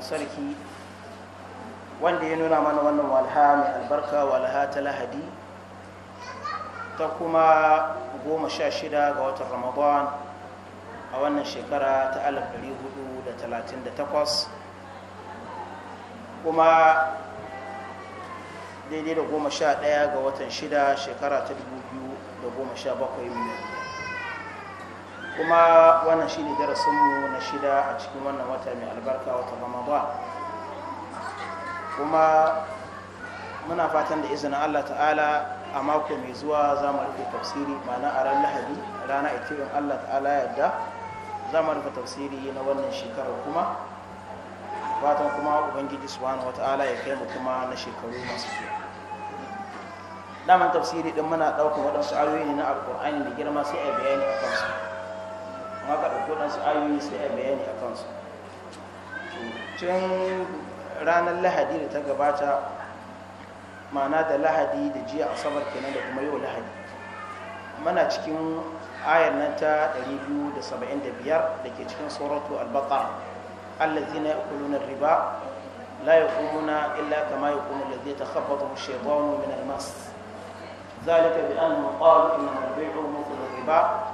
maɗaukakin sarki wanda ya nuna mana wannan walha mai albarka walha ta lahadi ta kuma goma sha shida ga watan ramadan a wannan shekara ta alif ɗari takwas kuma daidai da goma sha ɗaya ga watan shida shekara ta dubu biyu da goma sha bakwai kuma wannan shi ne darasinmu na shida a cikin wannan wata mai albarka wata ramadan kuma muna fatan da izinin allah ta'ala a mako mai zuwa za mu rufe tafsiri ma'ana a ran lahadi rana ita in allah ta'ala yadda za mu rufe tafsiri na wannan shekarar kuma fatan kuma ubangiji subhanahu ta'ala ya kai mu kuma na shekaru masu zuwa daman tafsiri din muna ɗaukar waɗansu ayoyi ne na alƙur'ani da girma sai a bayani a kansu kuma ka ɗauki waɗansu ayoyi sai a bayani a kansu tun ranar lahadi da ta gabata ma'ana da lahadi da jiya asabar kenan da kuma yau lahadi mana cikin ayar nan ta 275 da ke cikin suratu al-baqara allazina yakuluna riba la yaqumuna illa kama yaqumu allazi takhabbathu ash-shaytanu min al-mas ذلك بأنهم قالوا إنما البيع مثل riba.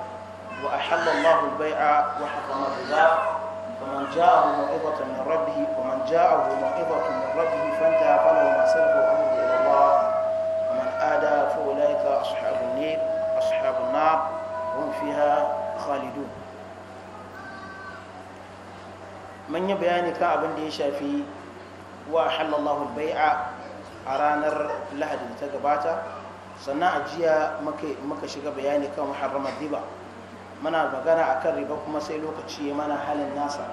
وأحل الله البيع وحرم الربا فمن جاءه موعظة من ربه ومن جاءه موعظة من ربه فانتهى فله ما سلف وأمره إلى الله ومن آدى فأولئك أصحاب النير أصحاب النار هم فيها خالدون من يبيان كعب دي شافي وأحل الله البيع أرانر لحد lahadi da ta gabata بيانك محرم jiya muna magana a kan riba kuma sai lokaci ya mana halin nasa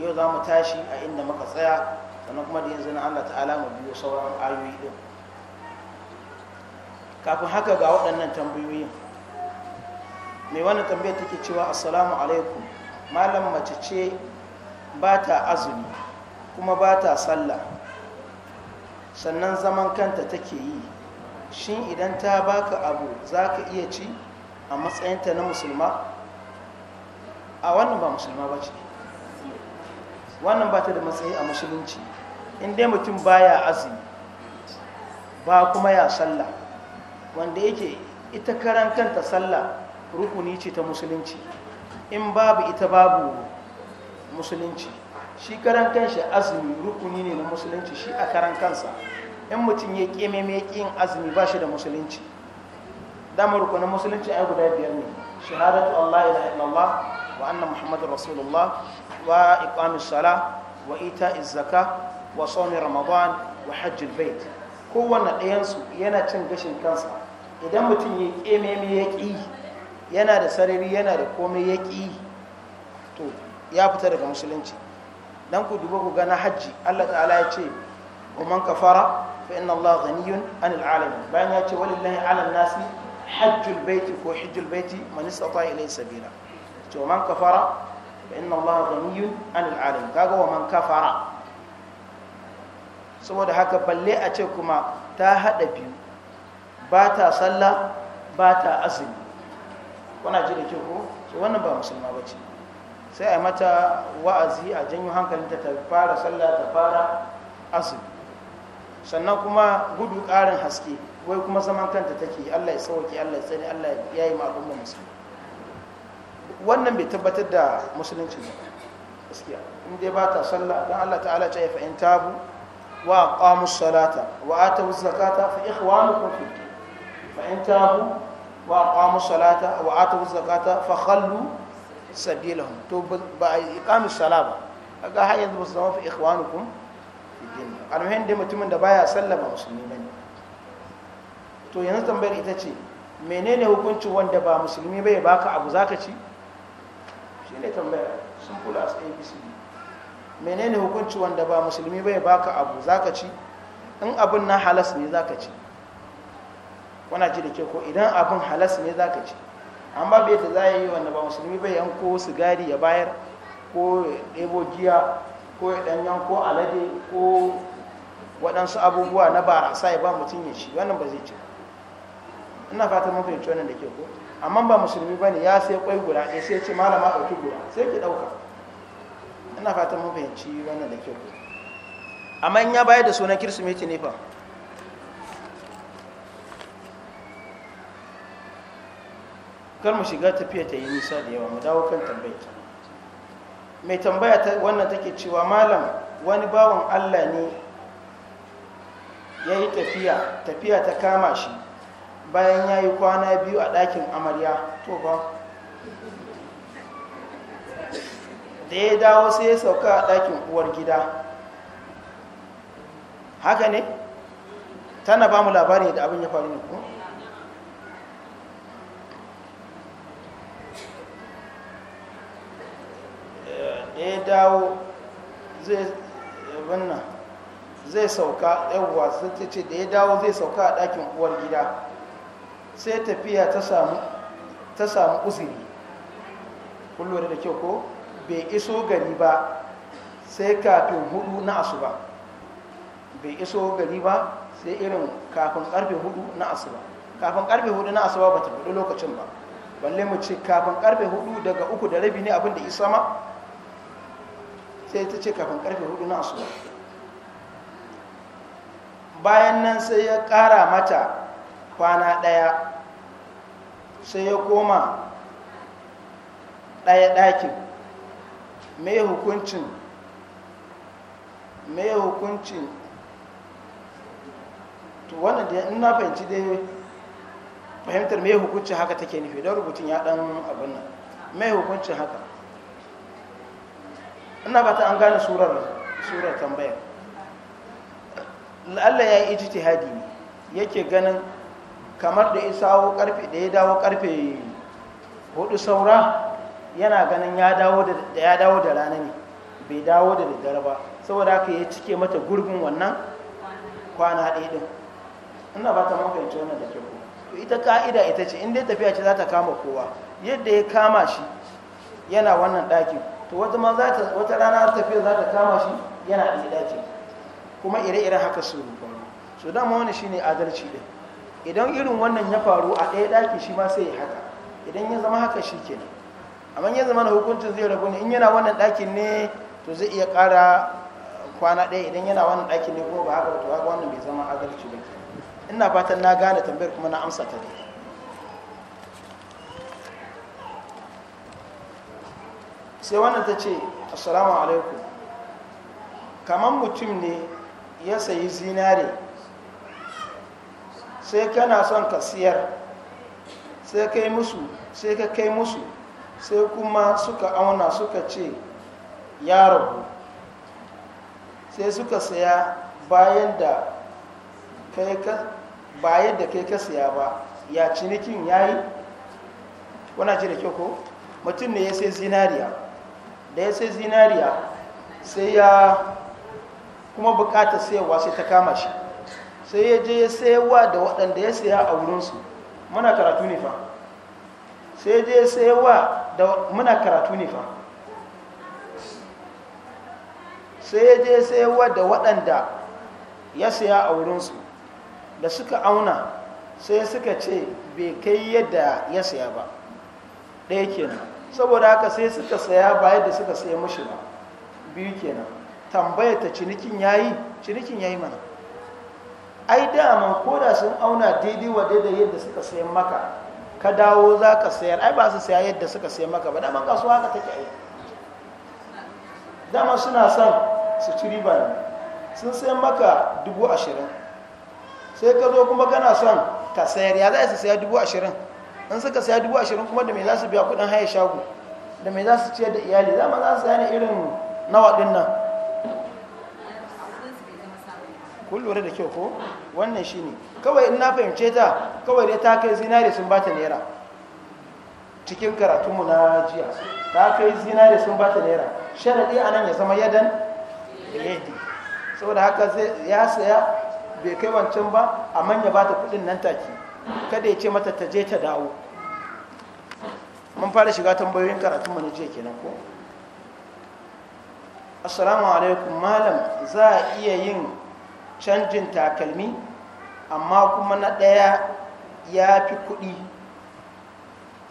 yau za mu tashi a inda muka tsaya sannan kuma da yanzu na allah ta'ala mu biyo sauran ayoyi din kafin haka ga waɗannan tambayoyin mai wannan tambayar take cewa assalamu alaikum malam mace ce ba ta azumi kuma ba ta sallah sannan zaman kanta take yi shin idan ta baka abu za ka iya ci a matsayinta na musulma a wannan ba musulma ba ce wannan ba ta da matsayi a musulunci Inda mutum mutum baya azumi ba kuma ya sallah wanda yake ita karan kanta sallah rukuni ce ta musulunci in babu ita babu musulunci shi karan kanshi azumi rukuni ne na musulunci shi a karan kansa in mutum ya ƙeme mai ƙin azumi ba shi da musulunci damar rukunin musulunci ai guda biyar ne shahadatu Allah ila illallah wa anna muhammadu rasulullah wa iqamis sala wa ita zaka wa sawmi ramadan wa hajjul bait kowanne ɗayansu yana cin gashin kansa idan mutum ya mai ya ƙi yana da sarari yana da komai ya ƙi to ya fita daga musulunci dan ku duba ku gana hajji Allah ta'ala ya ce wa man kafara fa inna Allah ghaniyun anil alamin bayan ya ce walillahi ala nasi hajjul baiti ko hijjul baiti man istata ilayhi sabila to man kafara fa inna allaha ghaniyun 'anil 'alamin kaga wa man kafara saboda haka balle a ce kuma ta hada biyu ba ta sallah ba ta azumi kuna ji da ke ko so wannan ba musulma ba ce sai a mata wa'azi a janyo hankalinta ta fara sallah ta fara azumi sannan kuma gudu ƙarin haske wai kuma zaman kanta take Allah ya sauki Allah ya tsare Allah ya yi ma'abunan musulmi wannan bai tabbatar da musulunci ba gaskiya in dai ba ta sallah don Allah ta'ala ce fa fa'in tabu wa a ƙamus salata wa wuce zakata fa ikhwanukum fi din fa in tabu wa a ƙamus salata wa wuce zakata fa kallu sabilahum to ba iqamu sala ba ga har yanzu ba su zama fa ikhwanukum fi din almuhim dai mutumin da baya sallah ba to yanzu tambayar ita ce menene hukuncin wanda ba musulmi bai baka abu zaka ci shi ne tambaya simple as abcd menene hukuncin wanda ba musulmi bai baka abu zaka ci in abin na halas ne zaka ci wana ji da ke ko idan abin halas ne zaka ci amma bai ta za yi wanda ba musulmi bai yanko sigari ya bayar ko ɗebo giya ko ya ɗan yanko alade ko waɗansu abubuwa na barasa ya ba mutum ya ci wannan ba zai ci ina fata mun fahimci wannan da ke ko amma ba musulmi bane ya sai kwai guda ɗaya sai ce malama ɗauki guda sai ki ɗauka ina fata mun fahimci wannan da ke ko amma in ya bayar da sunan kirsimeti ne fa kar mu shiga tafiya ta yi nisa da yawa mu dawo kan tambayar mai tambaya wannan take cewa malam wani bawan allah ne ya yi tafiya tafiya ta kama shi bayan ya yi kwana biyu a ɗakin amarya to ba da ya dawo sai ya sauka a ɗakin uwar gida haka ne tana ba mu labari da abin ya faru ne ko da ya dawo zai wannan zai sauka yawwa sun ce da ya dawo zai sauka a ɗakin uwar gida sai tafiya ta samu uzuri kullum da kyau ko bai iso gari ba sai kafin hudu na asuba bai iso gari ba sai irin kafin karfe hudu na asuba kafin karfe hudu na asuba ba ta hudu lokacin ba balle mu ce kafin karfe hudu daga uku da rabi ne abin da isa ma sai ta ce kafin karfe hudu na asuba bayan nan sai ya kara mata kwana ɗaya sai ya koma ɗaya ɗakin mai hukuncin mai hukuncin to wannan da ina fahimci dai fahimtar mai hukuncin haka take nufi don rubutun ya ɗan abin nan mai hukuncin haka ina ba ta an gane surar tambayar Allah ya yi ijtihadi ne yake ganin kamar da isawo karfe da ya dawo karfe hudu saura yana ganin ya dawo da ya dawo da rana ne bai dawo da daddare ba saboda haka ya cike mata gurbin wannan kwana ɗaya din ina ba ta mafahimci wannan da ku. to ita ka'ida ita ce in dai tafiya ce za ta kama kowa yadda ya kama shi yana wannan ɗakin to wata ma za ta wata rana tafiya za ta kama shi yana ɗaya ɗakin kuma ire-iren haka su rubuwa su dama wani ne adalci ɗin idan irin wannan ya faru a ɗaya ɗaki shi ma sai ya haka idan ya zama haka shi ke. amma ya zama na hukuncin zai rabu ne in yana wannan ɗakin ne to zai iya ƙara kwana ɗaya idan yana wannan ɗakin ne kuma ba haka to haka wannan bai zama adalci ba ina fatan na gane tambayar kuma na amsa ta ne sai wannan ta ce assalamu alaikum kamar mutum ne ya sayi zinare sai kana son ka siyar sai kai musu sai ka kai musu sai kuma suka auna suka ce ya rabu sai suka saya bayan da kai ka saya ba ya cinikin ya yi wana ce da kyau ko mutum ne ya sai zinariya da ya sai zinariya sai ya kuma bukatar sayarwa sai ta kama shi sai ya je ya sayarwa da waɗanda ya saya a wurinsu muna karatu ne fa sai ya je ya sayarwa da muna karatu ne fa sai ya je ya sayarwa da waɗanda ya saya a wurinsu da suka auna sai suka ce bai kai yadda ya saya ba ɗaya kenan saboda haka sai suka saya ba yadda suka saya mashi ba biyu kenan tambaya ta cinikin yayi cinikin yayi mana ai dama ko da sun auna daidai wa daidai yadda suka sayan maka ka dawo za ka sayar ai ba su saya yadda suka sayan maka ba dama kasuwa haka take ai dama suna son su ci riba ne sun sayan maka dubu ashirin sai ka zo kuma kana son ka sayar ya za su saya dubu ashirin in suka saya dubu ashirin kuma da mai za su biya kudin haya shago da mai za su ciyar da iyali dama za su saya ne irin nawa ɗin nan kun lura da kyau ko wannan shine kawai in na fahimce ta kawai dai ta kai zinare sun bata naira cikin karatunmu na jiya ta kai zinare sun bata naira a anan ya zama yadan yadi saboda haka ya saya bai kai wancan ba amma ya bata kudin nan take kada ya ce mata ta je ta dawo mun fara shiga tambayoyin karatunmu na jiya kenan ko assalamu alaikum malam za a iya yin canjin takalmi amma kuma na ɗaya ya fi kuɗi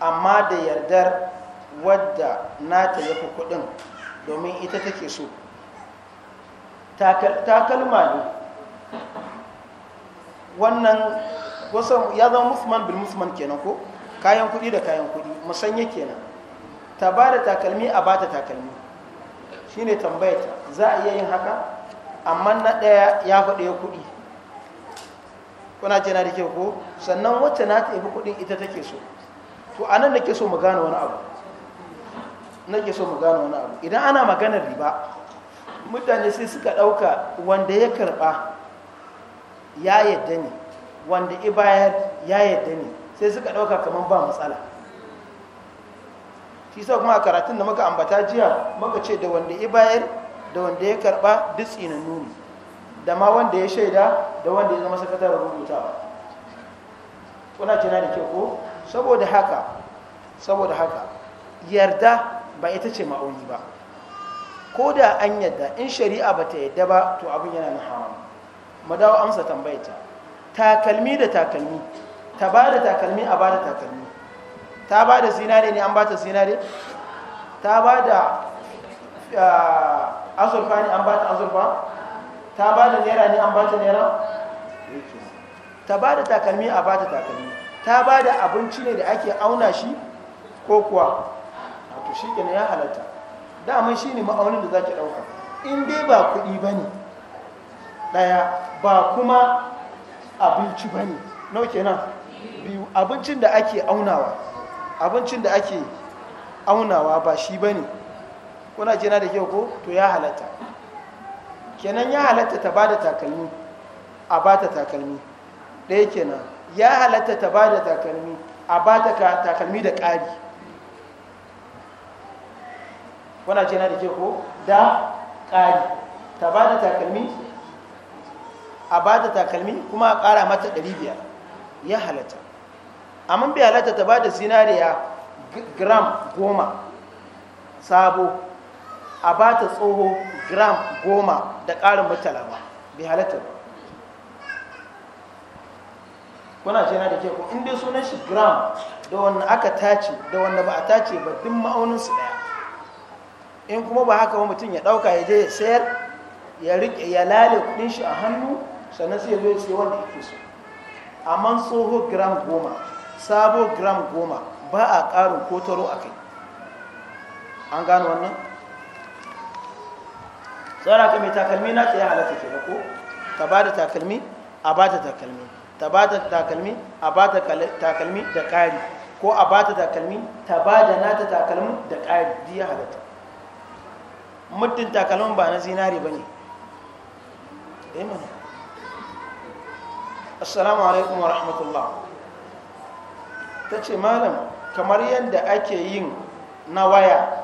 amma da yardar wadda nata ya fi kuɗin domin ita take so takalma ne wannan wasan ya zama musman bil musman kenan ko kayan kuɗi da kayan kuɗi musanye kenan ta ba da takalmi a ba ta takalmi shine tambayata za a iya yin haka amma na ɗaya ya faɗi ya kuɗi kuna na da ke ko sannan wacce na ta yi kuɗin ita take so to anan da ke so mu gane wani abu na ke so mu gane wani abu idan ana maganar riba mutane sai suka ɗauka wanda ya karɓa ya yadda ne wanda i bayar ya yadda ne sai suka ɗauka kamar ba matsala shi sa kuma a karatun da muka ambata jiya muka ce da wanda i bayar da wanda ya karba duk tsinan nuni da ma wanda ya shaida da wanda ya zama sakataren rubutawa kuna jina da ke ko saboda haka saboda haka yarda ba ita ce ma'auni ba ko da an yarda in shari'a ba ta yarda ba to abin yana na hawa. mu dawo amsa tambayata takalmi da takalmi ta ba da takalmi a ba da takalmi ta ba da zinare ne an ba ta zinare ta ba da ah, azurfa ne an ba ta azurfa ta ba da naira ne an ba ta naira ta ba da takalmi a ba ta takalmi ta ba da abinci ne da ake auna shi ko kuwa a to shi ya halatta dama shi ne ma'aunin da za ki ɗauka in dai ba kuɗi ba ne ɗaya ba kuma abinci ba ne nau kenan biyu abincin da ake aunawa abincin da ake aunawa ba shi ba ne kuna jina da kyau ko to ya halatta kenan ya halatta ta bada takalmi a bata takalmi ɗaya kenan ya halatta ta bada takalmi a bata takalmi da ƙari kuna jina da kyau ko da ƙari ta bada takalmi a bata takalmi kuma a ƙara mata ɗari biyar ya halatta amma bai halatta ta bada zinariya gram goma sabo a ba ta tsoho gram goma da ƙarin mutala ba bai halatta ba kuna ce na da ke ku? in dai sunan shi gram da wanda aka tace da wanda ba a tace ba duk ma'aunin su ɗaya in kuma ba haka ba mutum ya ɗauka ya je ya sayar ya riƙe ya lale kudin shi a hannu sannan sai ya zo ya sayi wanda yake so amma tsoho gram goma sabo gram goma ba a ƙarin kotaro a kai an gano wannan tsara ka mai takalmi na ta ya halatta ke ko ta ba da takalmi a ba ta takalmi ta ba da takalmi a ba ta takalmi da ƙari ko a ba ta takalmi ta ba da na ta takalmi da ƙari duk ya halatta muddin takalmin ba na zinari ba ne eh assalamu alaikum wa rahmatullah ta ce malam kamar yadda ake yin na waya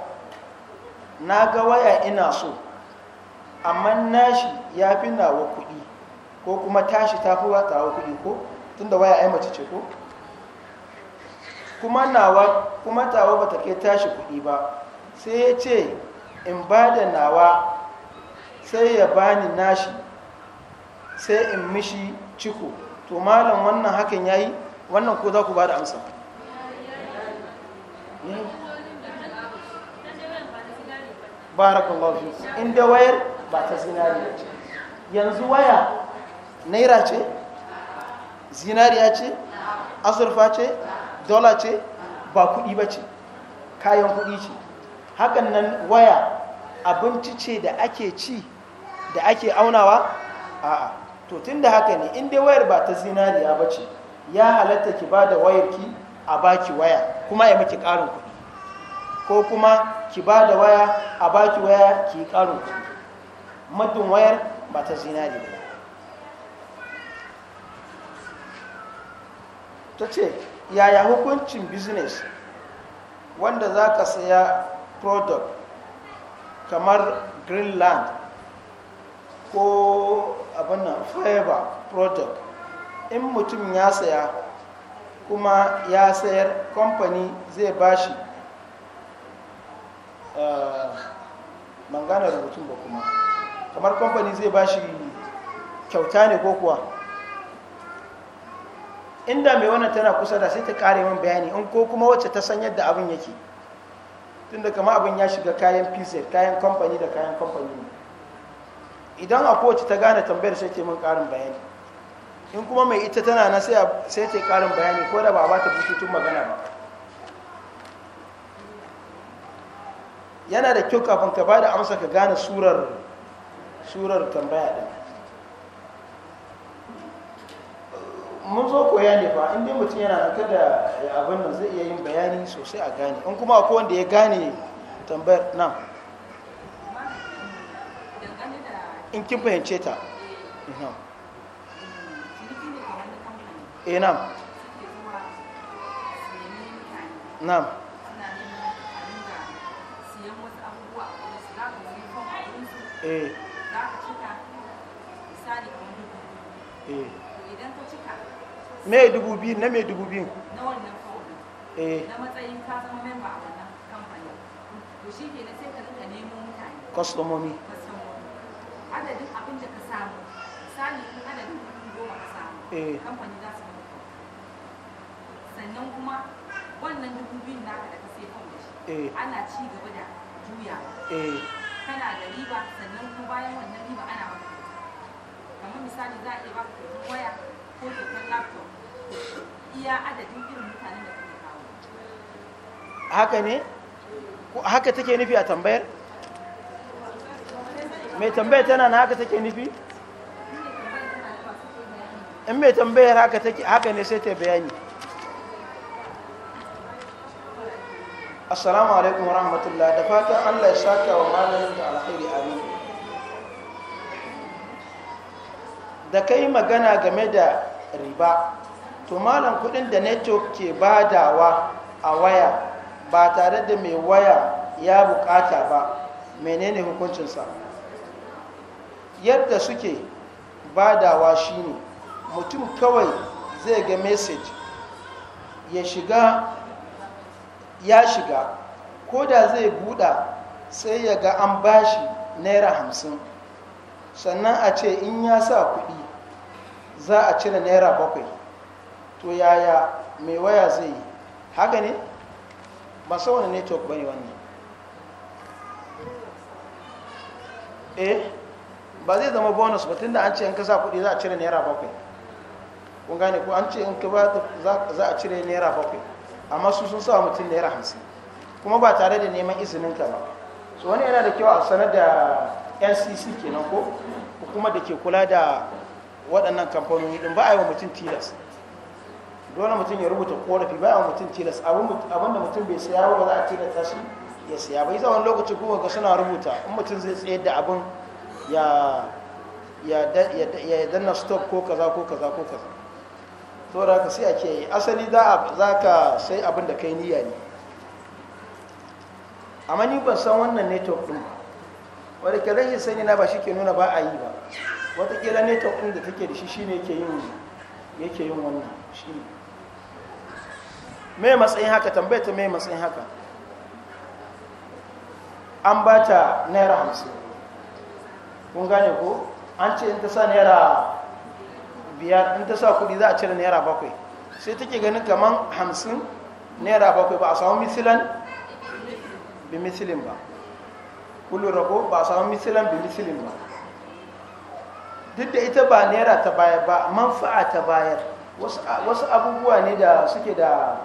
na ga waya ina so amma nashi ya fi nawa kuɗi ko kuma tashi ta fi wa kuɗi ko tunda waya ai mace ce ko kuma nawa kuma tawa bata ke tashi kuɗi ba sai ya ce in ba da nawa sai ya bani nashi sai in mishi ciko to malam wannan hakan yayi wannan ko za ku ba da amsa barakallahu fi inda wayar ba ta zinariya ce yanzu waya naira ce zinariya ce azurfa ce dola ce ba kuɗi ba ce kayan kuɗi ce hakan nan waya abinci ce da ake ci da ake aunawa a'a to tun da haka ne in dai wayar ba ta zinariya ba ce ya halatta ki ba da wayarki a baki waya kuma ya miki karin kudi ko kuma ki ba da waya a baki waya ki karin kudi maddin wayar ba ta zinari ba ta ce yaya hukuncin business wanda za ka saya product kamar greenland ko abinnan fiber product in mutum ya saya kuma ya sayar kamfani zai bashi uh, eh, ban gane rubutun ba kuma kamar kamfani zai ba shi kyauta ne ko kuwa inda mai wannan tana kusa da sai ta kare min bayani in ko kuma wacce ta san yadda abin yake tunda kama abin ya shiga kayan pz kayan kamfani da kayan kamfani ne idan a kowace ta gane tambayar sai ta min karin bayani in kuma mai ita tana na sai ta karin bayani ko da ba ba ta bututun magana ba yana da kyau kafin ka ba da amsa ka gane surar surar tambaya ɗin mun zo koya ne ba inda mutum yana naka ya abin nan zai iya yin bayani sosai a gane in kuma akwai wanda ya gane tambayar nan in kin fahimce ta Ina. nam eh, eh. Eh. idan ka cika mai dubu biyu na mai dubu biyu na wannan kawai eh. na matsayin ka zama memba a wannan kamfani to shi ke na sai ka nemo mutane kwastomomi adadin abin da ka samu misali in adadin goma ka samu kamfani eh. za su sannan kuma wannan dubu biyun naka da ka sai kan da shi ana ci gaba da juyawa kana da riba sannan kuma bayan wannan riba ana maka kamar misali za a iya ba ku waya ko kyautar laptop iya adadin irin mutanen da kake kawo haka ne haka take nufi a tambayar mai tambayar tana na haka take nufi in mai tambayar haka take haka ne sai ta bayani assalamu alaikum warahmatullahi da fatan allah ya saka wa malamin da alkhairi amin da kai magana game da riba to malam kudin da network ke badawa a waya ba tare da mai waya ya bukata ba menene hukuncinsa yadda suke badawa shine mutum kawai zai ga message ya shiga ya shiga ko da zai buɗa sai ya ga an bashi naira hamsin sannan a ce in ya sa kuɗi za a cire naira bakwai to yaya mai waya zai yi haka ne ba sa wani network bane wannan eh ba zai zama bonus ba tunda an ce in ka sa kuɗi za a cire naira bakwai kun gane ko an ce in ka ba za a cire naira bakwai amma su sun sa mutum naira hamsin kuma ba tare da neman izinin ka ba so wani yana da kyau a sanar da ncc e kenan ko hukumar da ke kula da waɗannan kamfanoni ɗin ba a yi wa mutum tilas dole mutum ya rubuta korafi ba a yi wa mutum tilas abin da mutum bai saya ba za a tilasta shi ya saya bai zawon lokaci kuma ga suna rubuta in mutum zai tsayar da abin ya danna stop ko kaza ko kaza ko kaza to da ka sai a ke asali za ka sai abin da kai niyya ne amma ni ban san wannan network ɗin ba wadda ke rashin sani na ba shi ke nuna ba a yi ba watakila network ɗin da take da shi shi ne yin yake yin wannan shi mai matsayin haka tambayar ta mai matsayin haka an ba ta naira hamsin kun gane ko an ce in ta sa naira biyar in ta sa kuɗi za a cire naira bakwai sai take ganin kamar hamsin naira bakwai ba a samu misilan bi misilin ba kullum rabu ba a samu bi misilin ba duk da ita ba naira ta bayar ba manfa'a ta bayar wasu abubuwa ne da suke da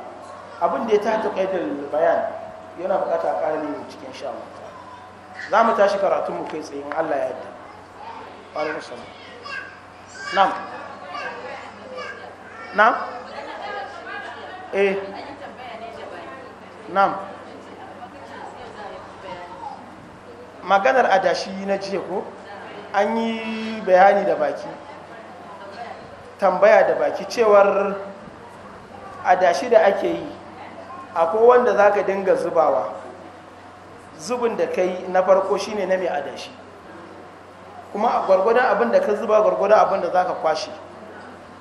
abin da ya ta taƙaitar bayan yana bukata ne cikin sha'awata. za mu tashi karatunmu kai tsayin allah ya yadda ƙwarar musamman nam nam nam eh. maganar adashi na jiya ko an yi bayani da baki tambaya da baki cewar adashi da ake yi akwai wanda za ka dinga zubawa zubin da kai na farko shine na mai adashi kuma a gwargwadon abin da ka zuba gwargwadon abin da za ka kwashe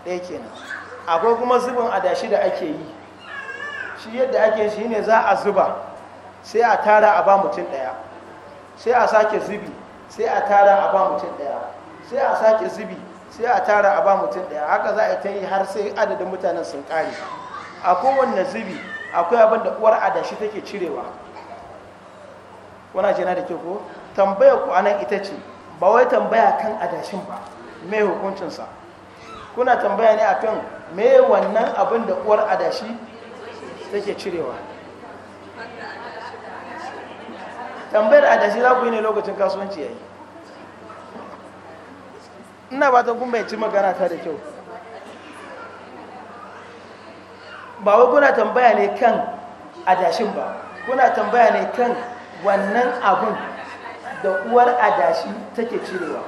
ɗaya kenan akwai kuma zubin adashi da ake yi shi yadda ake shi ne za a zuba sai a tara a ba mutum ɗaya sai a sake zubi sai a tara a ba mutum ɗaya sai a sake zubi sai a tara a ba mutum ɗaya haka za a ta yi har sai adadin mutanen sun ƙare a kowanne zubi akwai abin da uwar adashi take cirewa wana jina da ke ko tambaya ku anan ita ce ba wai tambaya kan adashin ba me hukuncinsa kuna tambaya ne akan me wannan abin da uwar adashi take cirewa tambayar adashi za ku yi ne lokacin kasuwanci yi ina ba ta kun ci magana ta da kyau ba wai kuna tambaya ne kan adashin ba kuna tambaya ne kan wannan abun da uwar adashi take cirewa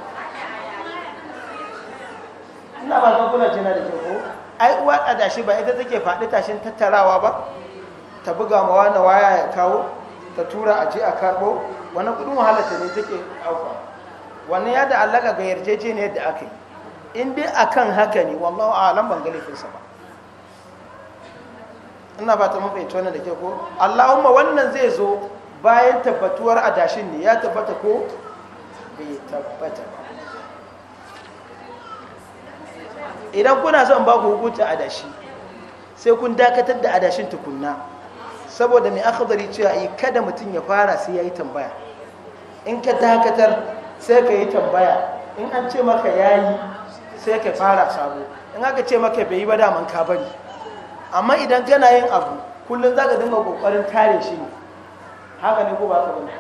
ina ba ta kuna jina da kyau ko ai uwar adashi ba ita take faɗi tashin tattarawa ba ta buga mawa na waya ya kawo ta tura a je a karɓo wani kudin wahalarta ne take auka wani ya da allaka ga yarjejeniyar da aka yi in dai kan haka ne wallahu a'lam ban gani laifinsa ba ina fata ta mafi tona da ke ko Allahumma wannan zai zo bayan tabbatuwar adashin ne ya tabbata ko bai tabbata ba idan kuna son ba ku hukunta adashi sai kun dakatar da adashin tukunna saboda mai akhdari cewa yi eh, kada mutum ya fara sai ya yi tambaya in ka dakatar sai ka yi tambaya in an ce maka ya yi sai ka fara sabo in aka ce maka bai yi ba daman ka bari amma idan gana yin abu kullum za ka dinga kokarin tare shi ne haka ne ko ba ka bane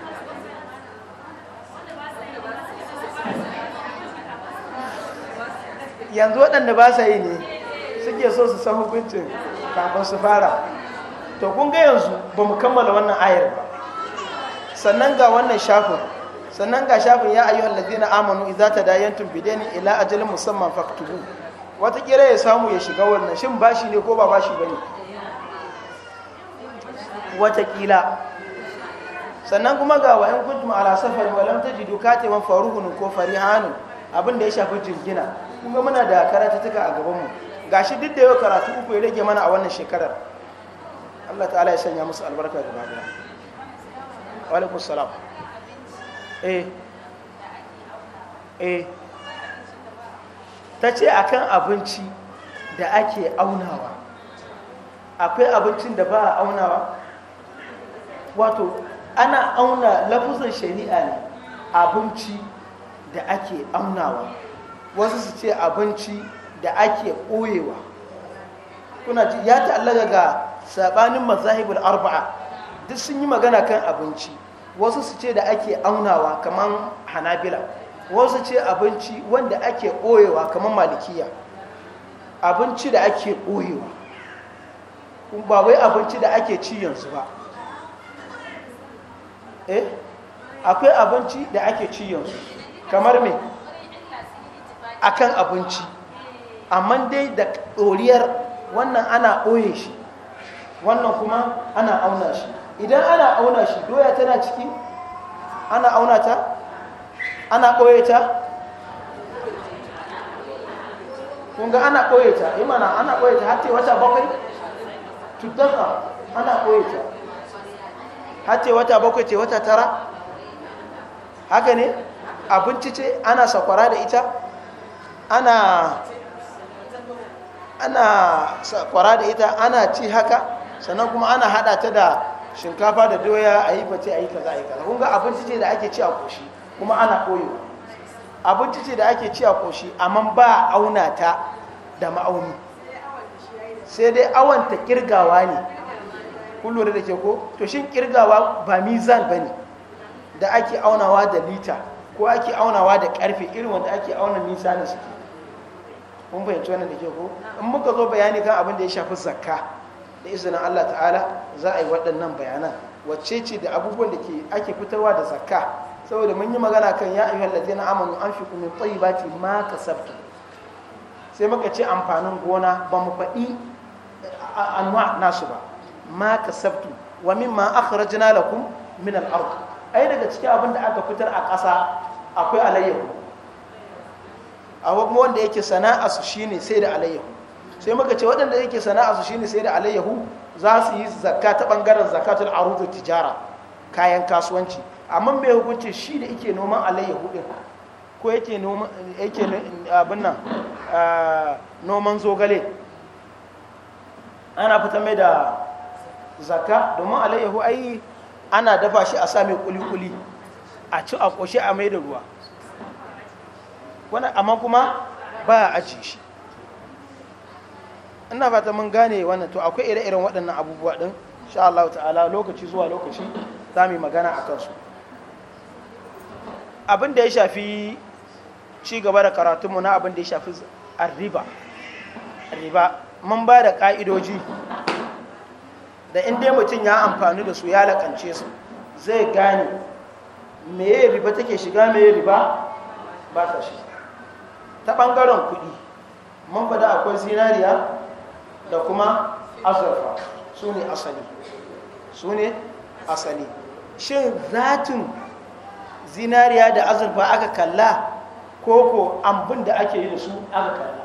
yanzu waɗanda ba sa yi ne suke so su san hukuncin kafin su fara to kun ga yanzu ba mu kammala wannan ayar ba sannan ga wannan shafin sannan ga shafin ya ayyuhal ladina amanu idza tadayantum bidaini ila ajalin musamman faktubu wata kira ya samu ya shiga wannan shin bashi ne ko ba bashi bane wata kila sannan kuma ga wa in kuntum ala safar wa lam tajidu katiban faruhun ko farihanu abin da ya shafi jirgina kun ga muna da karatu tuka a gaban mu gashi duk da yau karatu uku ya rage mana a wannan shekarar Allah ta'ala ya sanya musu albarka gaba daya wa alaikum salam eh eh ta ce akan abinci da ake aunawa akwai abincin da ba a aunawa wato ana auna lafuzin shari'a ne abinci da ake aunawa wasu su ce abinci da ake ɓoyewa kuna ji ya ta'allaka ga sabanin mazahibul arba'a duk sun yi magana kan abinci wasu su ce da ake aunawa kamar hanabila wasu ce abinci wanda ake ɓoyewa kamar malikiya abinci da ake ɓoyewa ba wai abinci da ake ci yanzu ba eh akwai abinci da ake ci yanzu kamar me akan abinci amma dai da ɗoriyar wannan ana ɓoye shi wannan kuma ana auna shi idan ana auna shi doya tana ciki ana auna ta ana ɓoye ta kunga ana ɓoye ta imana eh ana ɓoye ta hatta wata bakwai tuddaka ana ɓoye ta hatta wata bakwai ce wata tara haka ne abinci ce ana sakwara da ita ana ana sakwara da ita ana ci haka sannan kuma ana hada ta da shinkafa da doya a yi bace a yi kaza a yi kaza kun ga abinci ce da ake ci a koshi kuma ana koyo abinci ce da ake ci a koshi amma ba auna ta da ma'auni sai dai awanta kirgawa ne kullum da ke ko to shin kirgawa ba mizan ba ne da ake aunawa da lita ko ake aunawa da karfe irin wanda ake auna su ke? kun fahimci wannan da ke ko in muka zo bayani kan abin da ya shafi zakka da izinin Allah ta'ala za a yi waɗannan bayanan wacce ce da abubuwan da ake fitarwa da zakka saboda mun yi magana kan ya ayyuhal ladina amanu an fi kuma tayyibati ma kasabtu sai muka ce amfanin gona ba mu faɗi anwa nasu ba ma kasabtu wa mimma akhrajna lakum min al-ard ai daga cikin abin da aka fitar a ƙasa akwai alayyahu a da yake sana'a su shine sai da alayyahu sai muka ce waɗanda yake sana'a su shine sai da alayyahu za su yi zakka ta bangaren zakatul arudu tijara kayan kasuwanci amma mai hukunci shi da yake noman alayyahu din ko yake noman abin noman zogale ana fita mai da zakka domin alayyahu ai ana dafa shi a sami kulikuli kuli a ci a ƙoshe a mai da ruwa amma kuma ba a ajiye shi ina fata mun gane wannan to akwai ire-iren waɗannan abubuwa ɗin sha Allah ta'ala lokaci zuwa lokaci za mu yi magana a kansu abin da ya shafi ci gaba da karatunmu na abin da ya shafi arriba riba mun ba da ƙa'idoji da inda mutum ya amfani da su ya lakance su zai gane meye riba take shiga meye riba ba ta shi ta ɓangaren kuɗi mun faɗa akwai zinariya da kuma azurfa su ne asali su ne asali shin zatin zinariya da azurfa aka kalla ko ko ambin da ake yi da su aka kalla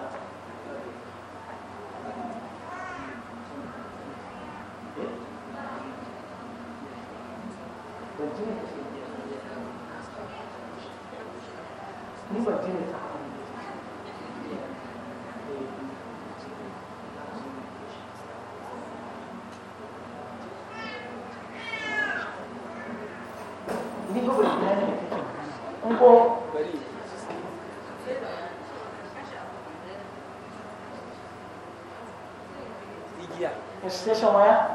station waya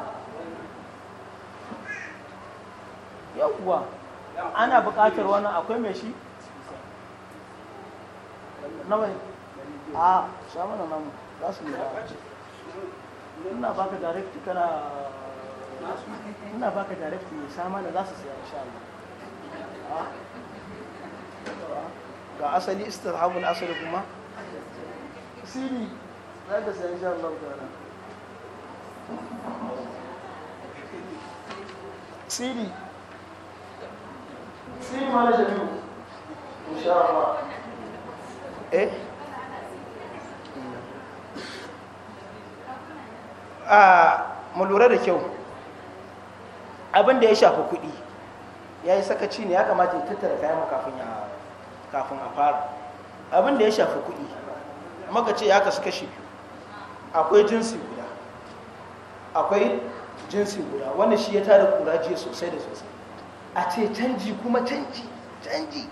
yawwa ana buƙatar wannan akwai mai shi na a za su ina baka kana ina baka mai za su siya ga asali asali kuma siri za ka siya Allah siri ma na jami'u insha Allah eh a ah, mu lura da kyau abin da ya shafi kuɗi ya yi sakaci ne ya kamata ya tattara kayan kafin a fara abin da ya shafi kuɗi maka ce ya kasu kashi akwai jinsi guda akwai jinsi guda wannan shi ya tada kura jiya sosai da sosai a ce canji kuma canji canji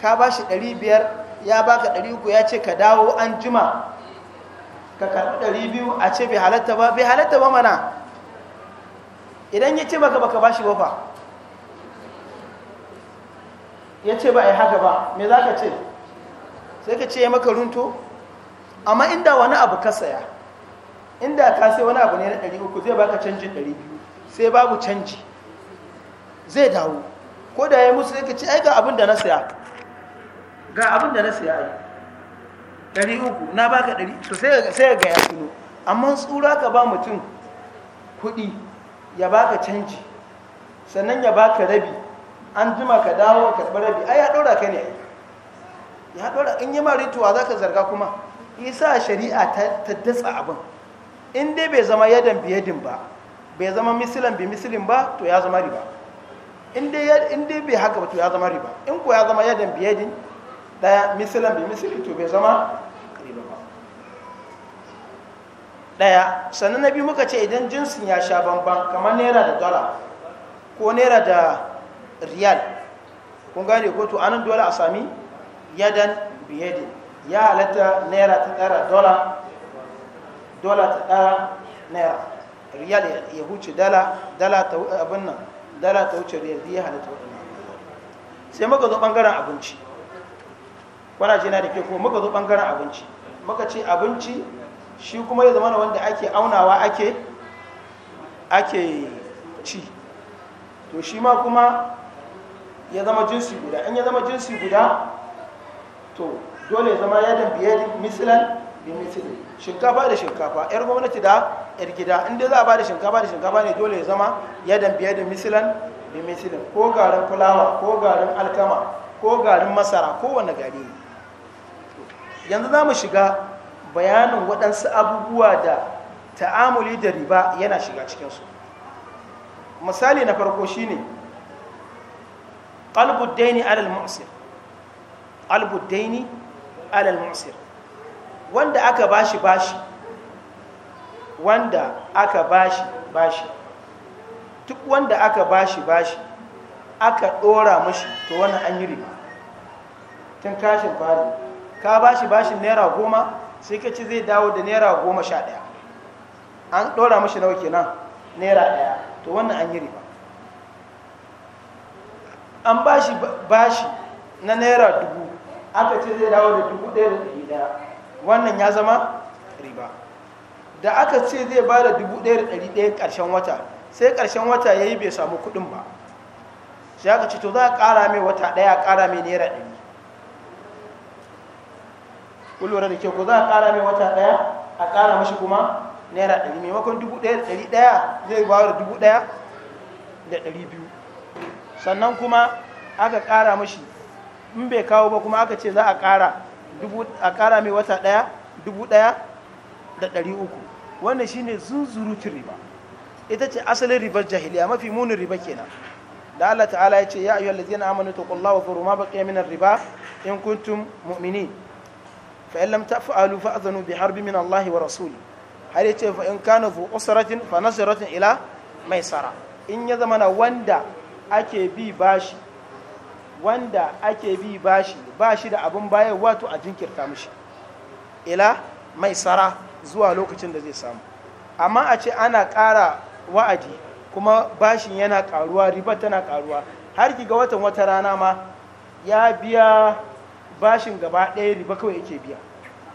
ka ba shi 500 ya baka 300 ya ce ka dawo an jima ka karbi 200 a ce bai halatta ba bai halatta ba mana idan ya ce baka baka ba shi wafa ya ce ba a yi haka ba me za ka ce sai ka ce ya maka runto amma inda wani abu ka saya inda ka sai wani abu ne na ɗari uku zai baka canji ɗari biyu sai babu canji zai dawo ko da ya musu sai ka ci ai ga abin da na saya ga abin da na saya ai ɗari uku na baka ɗari to sai ga ya tuno amma tsura ka ba mutum kuɗi ya baka canji sannan ya baka rabi an jima ka dawo karɓi rabi ai ya ɗora ka ne ya ɗora in yi marituwa za ka zarga kuma isa shari'a ta datsa abin in dai bai zama yadan bi yadin ba bai zama misilan bi misilin ba to ya zama riba in dai bai haka ba to ya zama riba in ko ya zama yadan bi yadin daya misilan bi misilin to bai zama riba ba daya sannan na biyu muka ce idan jinsin ya sha bamban kamar naira da dala ko naira da riyal kun gane ko to anan dole a sami yadan biyadin ya halatta naira ta tara dola dola ta ɗara naira riyal ya huce dala dala ta abin nan dala ta wuce riyal ya halatta waɗannan sai muka zo ɓangaren abinci kwana ce na da ke kuma muka zo ɓangaren abinci muka ce abinci shi kuma ya zama wanda ake aunawa ake ake ci to shi ma kuma ya zama jinsi guda in ya zama jinsi guda to dole ya zama yadin biyar misilan bimisili shinkafa da shinkafa yar gwamnati da yar gida inda za a da shinkafa da shinkafa ne dole ya zama yadan biya da misilan misilan ko garin fulawa ko garin alkama ko garin masara ko wani gari yanzu za mu shiga bayanin waɗansu abubuwa da ta'amuli da riba yana shiga cikinsu misali na farko shi ne daini alal mu'sir wanda aka bashi bashi wanda aka bashi bashi duk wanda aka bashi bashi aka dora mashi to wannan an yi riba tun kashin fari ka bashi bashin naira goma sai ka ci zai dawo da naira goma sha ɗaya an dora mashi nawa nan naira ɗaya to wannan an yi riba an bashi bashi na naira dubu aka ce zai dawo da dubu ɗaya da daya ɗaya wannan ya zama riba da aka ce zai ba da 1,100 ƙarshen wata sai ƙarshen wata ya yi bai samu kuɗin ba sai aka ce to za a ƙara mai wata ɗaya ƙara mai naira ɗari kullura da ke ku za a ƙara mai wata ɗaya a ƙara mashi kuma naira ɗari maimakon dubu ɗaya da ɗari ɗaya zai ba da dubu ɗaya da ɗari biyu sannan kuma aka ƙara mashi in bai kawo ba kuma aka ce za a ƙara a ƙara mai wata ɗaya dubu ɗaya da ɗari uku wannan shine zunzurutun riba ita ce asalin ribar jahiliya mafi munin riba kenan da Allah ta'ala ya ce ya ayyuhal ladzina amanu taqullaha wa furu ma baqiya min riba in kuntum mu'minin fa in lam taf'alu fa'zanu bi harbi min Allah wa rasuli har yace fa in kana zu usratin fa nasratin ila maisara in ya zama na wanda ake bi bashi wanda ake bi bashi bashi da abin bayan wato a jinkirta mushi ila mai tsara zuwa lokacin da zai samu amma a ce ana ƙara wa'adi kuma bashin yana ƙaruwa riba tana ƙaruwa har giga ga watan wata rana ma ya biya bashin gaba ɗaya riba kawai yake biya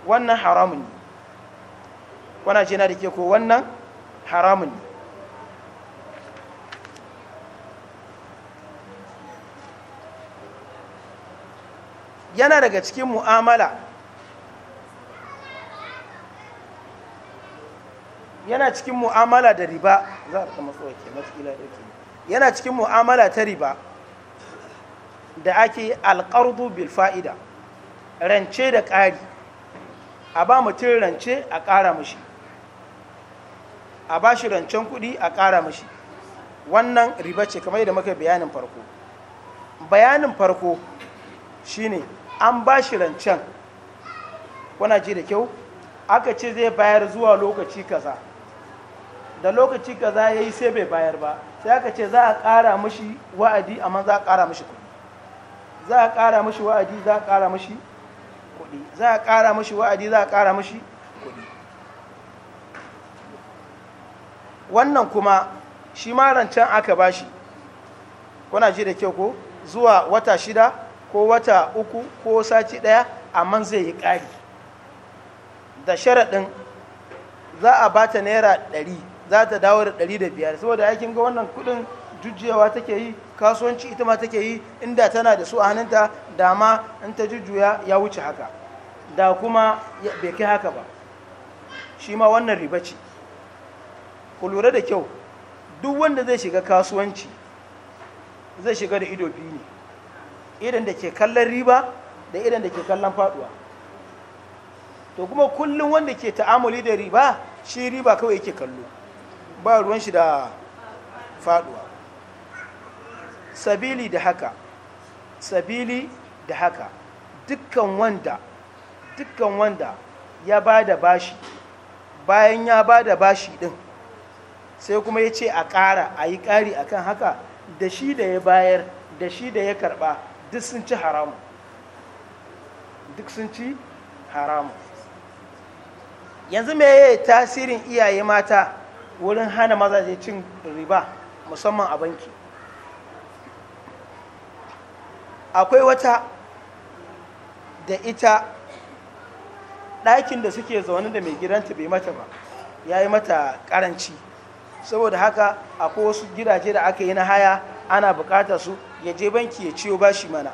wannan haramun ne wana ce na da ke ko wannan haramun ne yana daga cikin mu'amala yana cikin mu'amala da riba za a kama ke matsila da ke yana cikin mu'amala ta riba da ake alƙardu bil fa'ida rance da ƙari a ba mutum rance a ƙara mashi a ba shi rancen kuɗi a ƙara mashi wannan riba ce kamar yadda muka bayanin farko bayanin farko shine an ba shi rancen wana ji da kyau aka ce zai bayar zuwa lokaci kaza da lokaci kaza ya yi sai bai bayar ba sai aka ce za a ƙara mashi wa'adi amma za a ƙara mashi kuɗi za a ƙara mashi wa'adi za a ƙara mashi kuɗi za a ƙara mashi wa'adi za a ƙara mashi kuɗi wannan kuma shi ma rancen aka ba shi kuna ji da kyau ko zuwa wata shida ko wata uku ko sati ɗaya amma zai yi ƙari da sharaɗin za a ba ta naira ɗari za ta dawo da ɗari da biyar saboda aikin ga wannan kuɗin jujjuyawa take yi kasuwanci ita ma take yi inda tana da su a hannunta da ma in ta jujjuya ya wuce haka da kuma bai kai haka ba shi ma wannan riba ce ku lura da kyau duk wanda zai shiga kasuwanci zai shiga da ido biyu ne irin da ke kallon riba da irin da ke kallon faduwa to kuma kullum wanda ke ta'amuli da riba shi riba kawai yake kallo ba ruwan shi da faduwa sabili da haka sabili da haka dukkan wanda dukkan wanda ya ba da bashi bayan ya ba da bashi din sai kuma ya ce a ƙara a yi ƙari akan haka da shi da ya bayar da shi da ya karɓa duk sun ci haramu duk sun ci haramu yanzu meye tasirin iyaye mata wurin hana mazaje cin riba musamman a banki akwai wata da ita ɗakin da suke zaune da mai gidanta bai mata ba ya yi mata ƙaranci saboda haka akwai wasu gidaje da aka yi na haya ana buƙatar su ya je banki ya ciyo bashi mana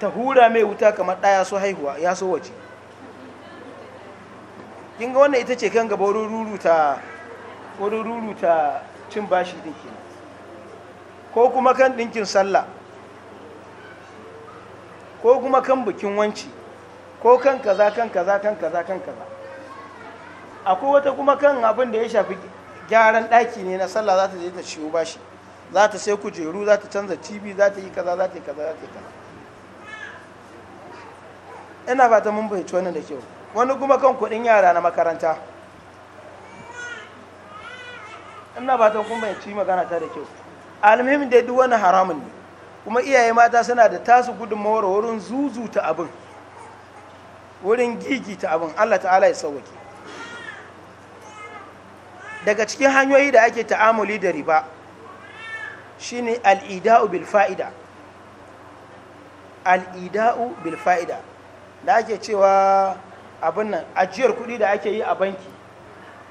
ta hura mai wuta kamar ɗaya so haihuwa ya so waje kin ga wannan ita ce kan gaba wurin ruruta cin bashi din ko kuma kan ɗinkin sallah ko kuma kan bikin wanci ko kan kaza kan kaza kan kaza kan kaza akwai wata kuma kan abin da ya shafi gyaran ɗaki ne na sallah za ta je ta ciyo bashi za ta sai kujeru za ta canza cibi za ta yi kaza za ta yi kaza za ta yi kaza ina ta mun bayyace wannan da kyau wani kuma kan kuɗin yara na makaranta ina ba ta kun ci magana ta da kyau almuhim dai duk wani haramun ne kuma iyaye mata suna da tasu gudunmawar wurin zuzuta abin wurin gigi ta abin allah ta'ala ya sauwake daga cikin hanyoyi da ake ta'amuli da riba shine al'ida'u bil al'ida'u bil fa'ida da ake cewa abin nan ajiyar kuɗi da ake yi a banki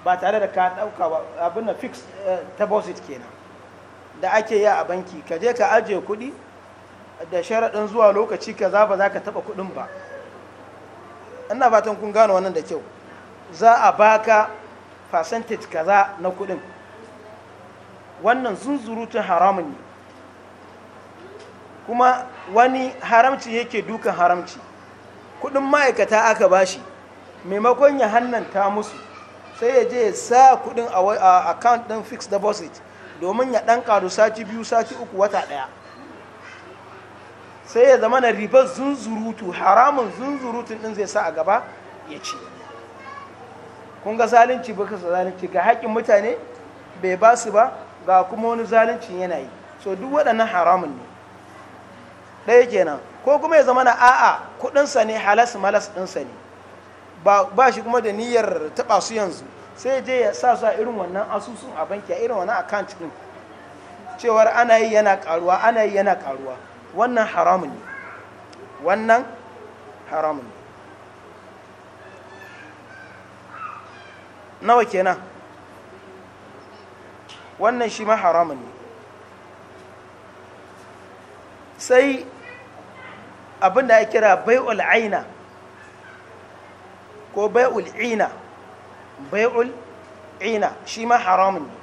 ba tare da ka ɗauka ba abin nan fix eh, deposit kenan da ake yi a banki ka je ka ajiye kuɗi da sharaɗin zuwa lokaci kaza ba za ka taɓa kuɗin ba ina fatan kun gano wannan da kyau za a baka percentage kaza na kuɗin wannan zunzurutun haramun ne kuma wani haramci yake dukan haramci kudin ma'aikata aka ba shi, maimakon ya hannanta musu sai ya je ya sa kudin a account din fixed deposit domin ya dan karu sati biyu sati uku wata daya sai ya zama na ribar zunzurutu haramun zunzurutun din zai sa a gaba ya ce kun ga zalunci ba ka ga haƙƙin mutane bai ba su ba ga kuma wani zalunci yanayi so duk waɗannan haramun ne ɗaya kenan ko kuma ya zama na a'a kuɗinsa ne halas malas ɗinsa ne ba shi kuma da niyyar taɓa su yanzu sai je ya sa su a irin wannan asusun a banki a irin wannan account ɗin cewar ana yi yana ƙaruwa ana yi yana ƙaruwa wannan haramun ne wannan haramun ne nawa kenan wannan shi ma haramun ne sai abin da ya kira bai'ul aina ko bai'ul ina bai'ul ina shi ma haramun ne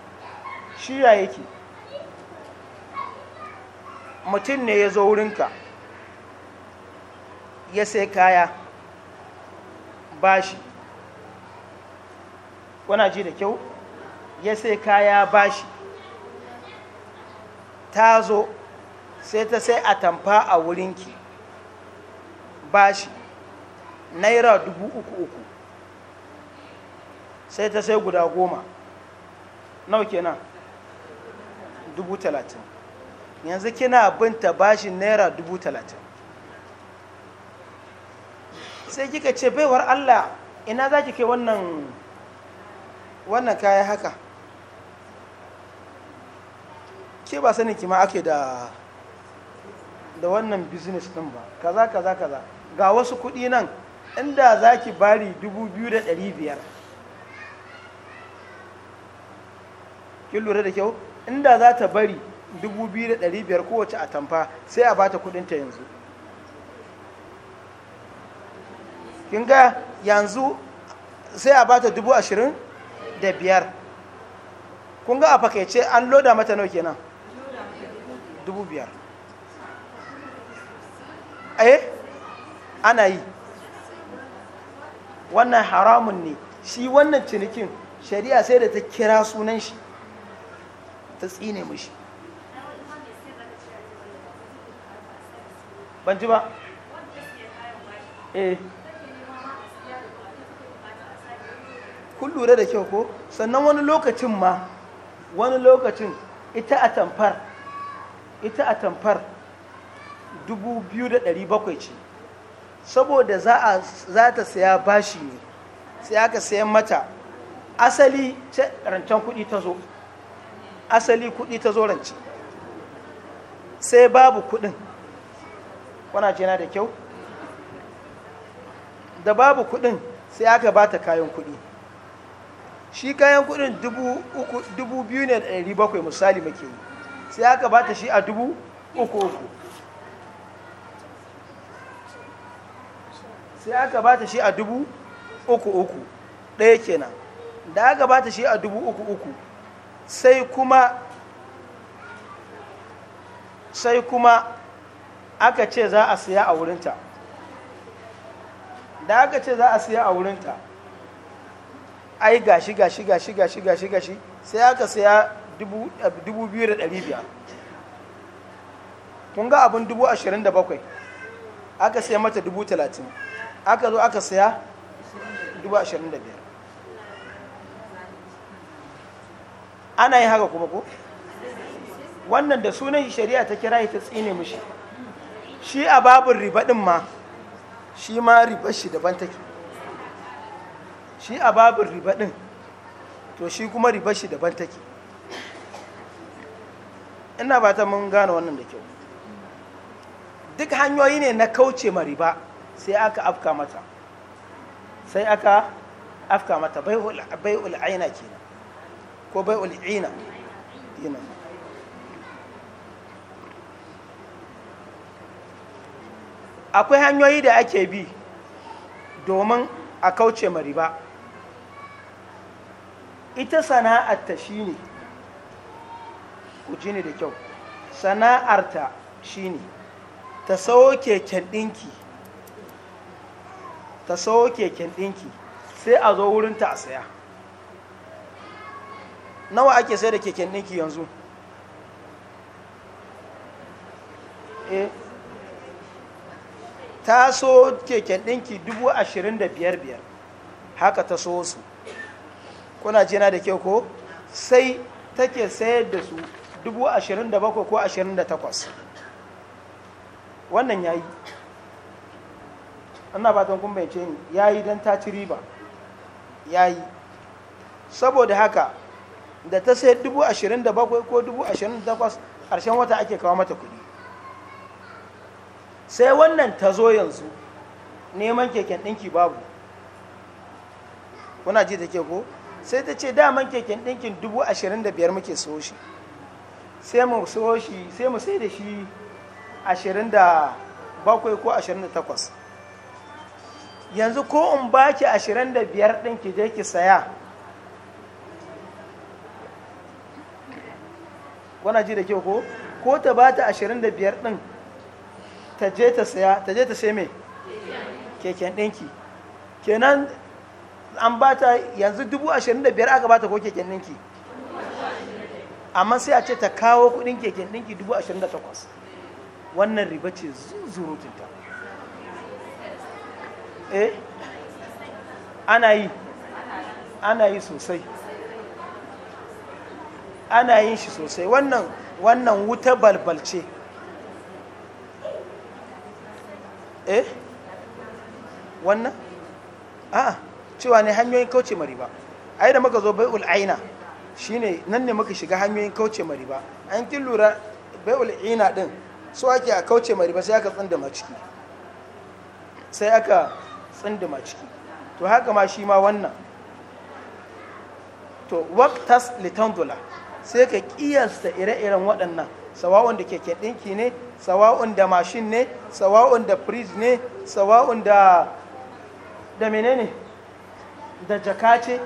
shi ya yake mutum ne ya zo wurinka ya sai kaya bashi wana ji da kyau ya sai kaya bashi ta zo sai ta sai a tamfa a wurinki bashi naira dubu uku uku sai ta sai guda goma nau kenan dubu talatin yanzu kina binta bashi naira dubu talatin sai kika ce baiwar allah ina za ki kai wannan kaya haka ke ba sanin ki ma ake da da wannan business din ba kaza kaza kaza ga wasu kuɗi nan inda za ki bari 2,500 kin lura da kyau inda za ta bari 2,500 kowace a tamfa sai a bata kudinta yanzu kin ga yanzu sai a bata 25,000 kun ga a fakaice an loda mata nau kenan dubu biyar eh ana yi wannan haramun ne shi wannan cinikin shari'a sai da ta kira sunan shi ta tsine mishi ban ji ba eh kun lura da kyau ko sannan wani lokacin ma wani lokacin ita a tamfar ita a tamfar 2,700 ce saboda za a ta saya bashi ne sai aka sayan mata asali ce rancen kuɗi ta zo asali kuɗi ta zo rance sai babu kuɗin wana ce na da kyau da babu kuɗin sai aka ba ta kayan kuɗi shi kayan kuɗin 2,700 misali muke yi sai aka ba ta shi a dubu uku uku sai aka ba ta shi a dubu uku uku ɗaya kenan da aka ba ta shi a dubu uku uku sai kuma sai kuma aka ce za a siya a wurinta da aka ce za a siya a wurinta ai gashi gashi gashi gashi gashi gashi sai aka siya 2,500 eh, kun ga abin 27,000 aka sai mata 30,000 aka zo aka saya 25,000 ana yi haka kuma ko wannan da sunan shari'a ta kira ta tsine mishi shi a babin riba ɗin ma shi ma riba shi daban take shi a babin riba ɗin to shi kuma riba shi daban take ina ba ta mun gane wannan da kyau duk hanyoyi ne na kauce ma riba sai aka afka mata sai aka afka mata bai'ul aina kenan ko bai ina ina akwai hanyoyi da ake bi domin a kauce ma riba ita sana'ar ta shine ku ji ni da kyau sana'arta shine ta sau keken ɗinki ta sau keken ɗinki sai a zo wurinta a saya nawa ake sai da keken ɗinki yanzu eh, ta so keken ɗinki dubu haka ta so su kuna jina da kyau ko sai take sayar da su dubu ashirin da bakwai ko ashirin da takwas wannan ya yi ana fatan ya ce ni ya yi don ta ci riba ya yi saboda haka da ta sai dubu ashirin da bakwai ko dubu ashirin da takwas ƙarshen wata ake kawo mata kuɗi sai wannan ta zo yanzu neman keken ɗinki babu kuna ji take ke ko sai ta ce daman keken ɗinkin dubu ashirin da biyar muke so shi sai mu so shi sai mu sai da shi bakwai ko takwas yanzu ko in baki biyar ɗin ki je ki saya wana ji da kyau ko ko ta ba ta biyar ɗin ta je ta saya ta je ta sai mai keken ɗinki kenan an ba ta yanzu biyar aka ba ta ko keken ɗinki amma sai a ce ta kawo kudin keken dinki 28,000 wannan riba ce zuzurutunta eh ana yi ana yi sosai ana yin shi sosai wannan wannan wuta balbal ce eh wannan a'a cewa ne hanyoyin kauce mari ba ai da muka zo bai'ul shine nan ne muka shiga hanyoyin kauce ma riba an kin lura bai ina din su ake a kauce ma riba sai aka tsinda ciki sai aka tsindima ciki to haka ma shi ma wannan to waktas litandula sai ka kiyasta ire-iren waɗannan sawa'un da keke ɗinki ne sawa'un da mashin ne sawa'un da fridge ne sawa'un da da menene da jaka ce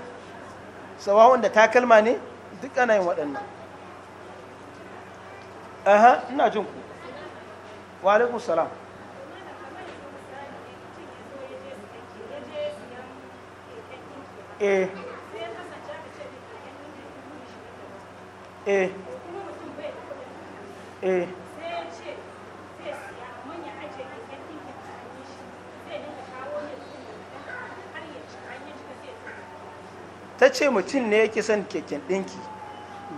sawawun da takalma ne duk ana yin waɗannan aha ina jin ku wa salam eh eh eh ta ce mutum ne yake son keken ɗinki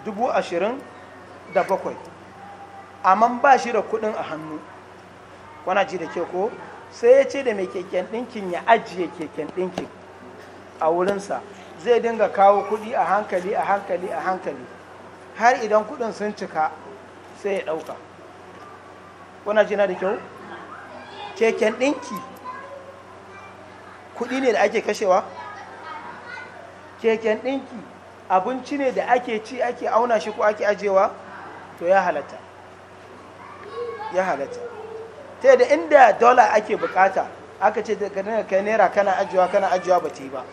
dubu ashirin da bakwai amma ba shi da kuɗin a hannu wana ji da ke ko sai ya ce da mai keken ɗinkin ya ajiye keken ɗinkin a wurinsa zai dinga kawo kuɗi a hankali a hankali a hankali har idan kuɗin sun cika sai ya ɗauka kuna na da kyau keken ɗinki kuɗi ne da ake kashewa keken ɗinki abinci ne da ake ci ake auna shi ko ake ajewa to ya halatta ya halatta ta yadda inda dola ake bukata aka ce da kai naira kana ajiyewa kana ajiyewa ba ta yi ba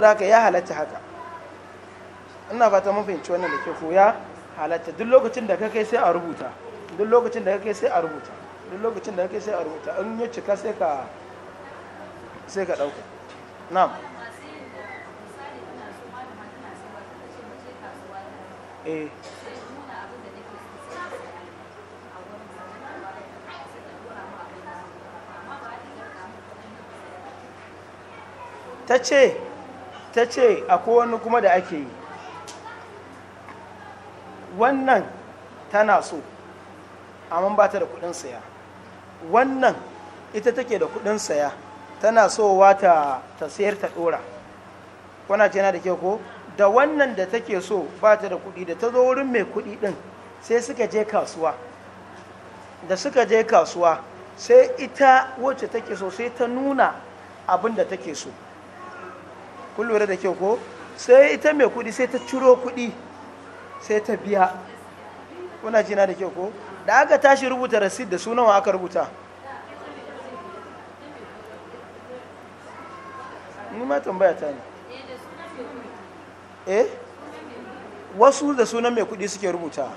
da haka ya halatta haka ina fata mafi fahimci wannan da ke koya halatta duk lokacin da ka kai sai a rubuta duk lokacin da ka kai sai a rubuta duk lokacin da ka kai sai a rubuta in ya cika sai ka sai ka ɗauka na'am Eh. ta ce ta ce akwai wani kuma da ake yi wannan tana so amma ba ta da kudin saya wannan ita take da kudin saya tana so ta ta sayar ta dora kuna ce na da ke ko da wannan da take so ba ta da kuɗi da ta zo wurin mai kuɗi ɗin sai suka je kasuwa da suka je kasuwa sai ita wacce take so sai ta nuna abin da take so kun lura da kyau ko sai ita mai kuɗi sai ta ciro kuɗi sai ta biya kuna jina da kyau ko da aka tashi rubuta rasid da sunawa aka rubuta ni ma tambaya ta ne eh wasu da sunan mai kudi suke rubuta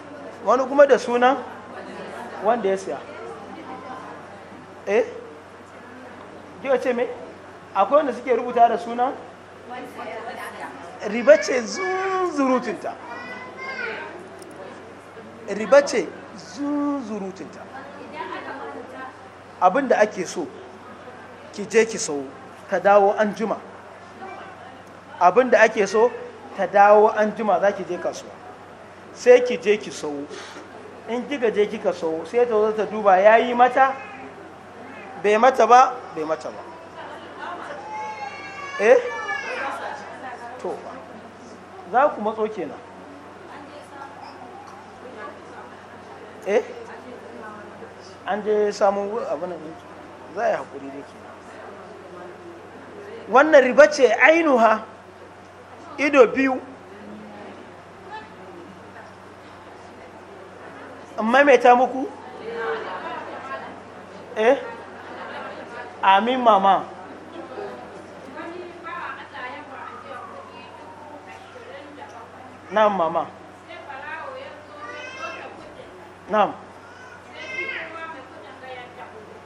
wani kuma da sunan wanda ya siya eh ji wace mai akwai wanda suke rubuta da sunan ribace ce zunzurutunta riba ce abin abinda ake so ki je ki sau ka dawo an juma abinda ake so ta dawo an jima za ki je kasuwa sai ki je ki sau in kika je kika sau sai ta zo ta duba ya yi mata bai mata ba bai mata ba eh to za ku matso kenan eh an je samun abin da za a yi haƙuri da ke wannan riba ce ainiha ido biyu maimaita muku eh amin mama nan mama nan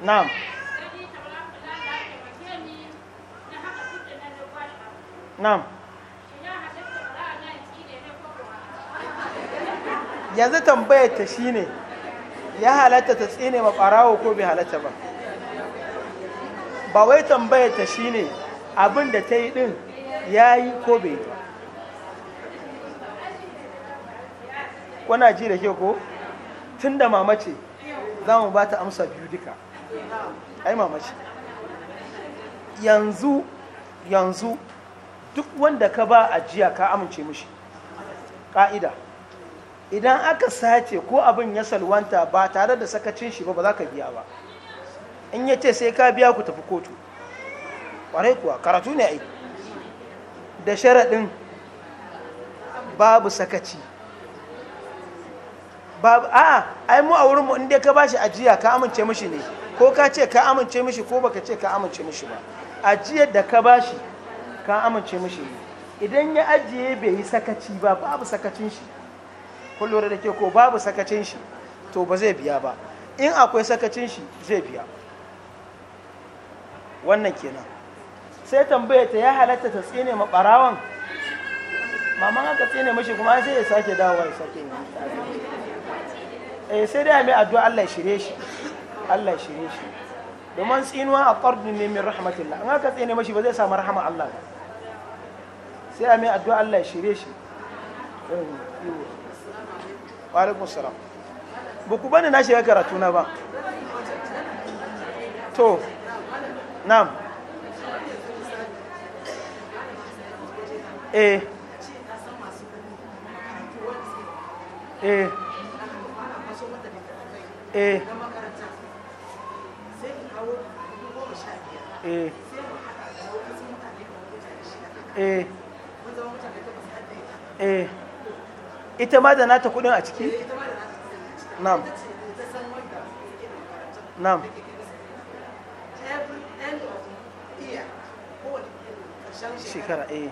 nan nan yanzu tambayar ta ne ya halatta ta tsine ma barawo ko bai halatta ba ba wai tambayar ta ne abin da ta yi din ya yi ko bai yi kuna ji da ke ko tun da mamace za mu ba ta amsa biyu duka ai mamace yanzu yanzu duk wanda ka ba a jiya ka amince mishi ƙa'ida idan aka sace ko abin ya salwanta ba tare da sakacin shi ba ba za ka biya ba in ya ce sai ka biya ku tafi kotu ƙwarai kuwa karatu ne aiki da sharaɗin babu sakaci babu a ai mu a wurinmu inda ka bashi ajiya ka amince mishi ne ko ka ce ka amince mishi ko baka ce ka amince mishi ba ajiyar da ka bashi ka amince mishi ne idan ya ajiye bai yi sakaci ba babu sakacin shi kun lura da ke ko babu sakacin shi to ba zai biya ba in akwai sakacin shi zai biya wannan kenan sai tambaya ta ya halatta ta tsine ma barawan Mama aka tsine mashi kuma sai ya sake dawowa ya sake yi eh, sai dai mai addu'a Allah ya shirye shi Allah ya shirye shi domin tsinuwa a ƙardun ne min rahmatillah in aka tsine mashi ba zai samu rahama Allah sai a mai addu'a Allah ya shirye shi wa alaikum salam ba ku bani na shiga karatu na ba to nam eh eh eh eh eh eh ita ma da nata kudin eh, a ciki nam na'am shekara eh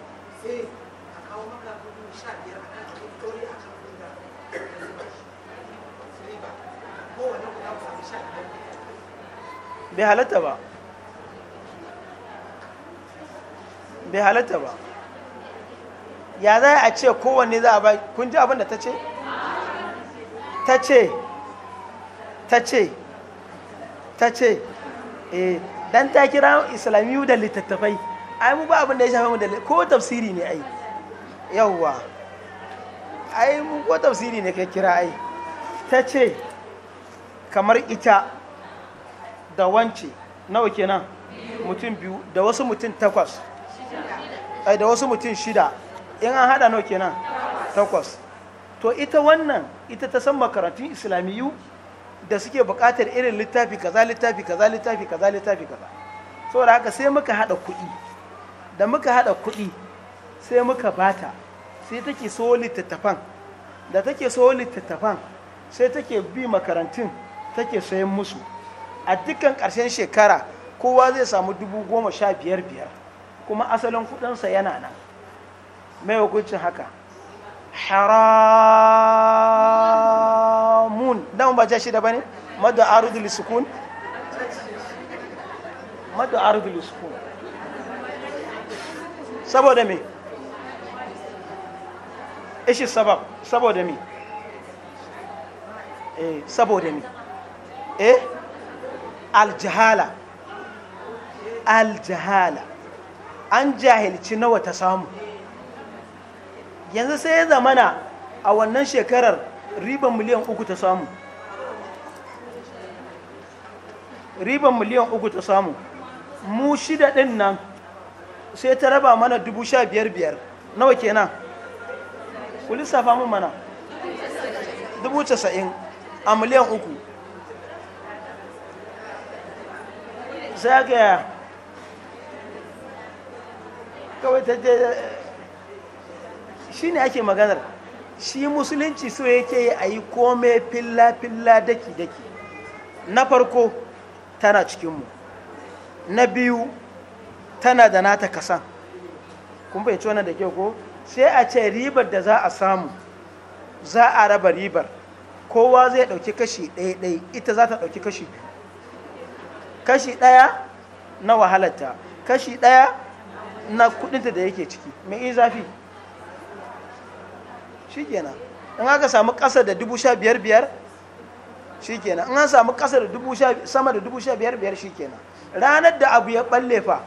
bai halatta ba bai halatta ba ya za a ce kowanne za a ba kun ji abin da ta ce ta ce ta ce ta ce eh dan ta kira islamiyu da littattafai ai mu ba abin da ya shafe mu da ko tafsiri ne ai yawwa ai mu ko tafsiri ne ka kira ai ta ce kamar ita da wance nawa kenan mutum biyu da wasu mutum takwas da wasu mutum shida in an haɗa nawa kenan takwas to ita wannan ita ta san makarantun islamiyu da suke buƙatar irin littafi kaza littafi kaza littafi kaza littafi kaza saboda haka sai muka haɗa kuɗi da muka haɗa kuɗi sai muka bata sai take so littattafan da take so littattafan sai take bi makarantun take sayan musu a dukkan ƙarshen shekara kowa zai samu dubu goma sha biyar biyar kuma asalin kuɗinsa yana nan mai hukuncin haka haramun don ba jashi da bane madu arudul sukun madu arudul sukun saboda me ishi sabab saboda me eh saboda me eh aljihala aljihala an jahilci nawa ta samu yanzu sai ya zamana a wannan shekarar riban miliyan uku ta samu riban miliyan uku ta samu mu shida ɗin nan sai ta raba mana dubu sha biyar biyar nawa kenan ku lissafa mun mana dubu casa'in a miliyan uku yaya kawai ta je shi ne ake maganar shi musulunci so yake yi a yi kome filla-filla daki-daki na farko tana cikinmu na biyu tana da nata kasan kun fahimci wannan da kyau ko sai a ce ribar da za a samu za a raba ribar kowa zai ɗauki kashi ɗaya-ɗaya ita za ta ɗauki kashi kashi ɗaya na wahalarta kashi ɗaya na kudinta da yake ciki mai zafi shikenan in aka samu kasa da dubu sha biyar biyar shikenan in an samu kasa da dubu sha sama da dubu sha biyar biyar shikenan ranar da abu ya balle fa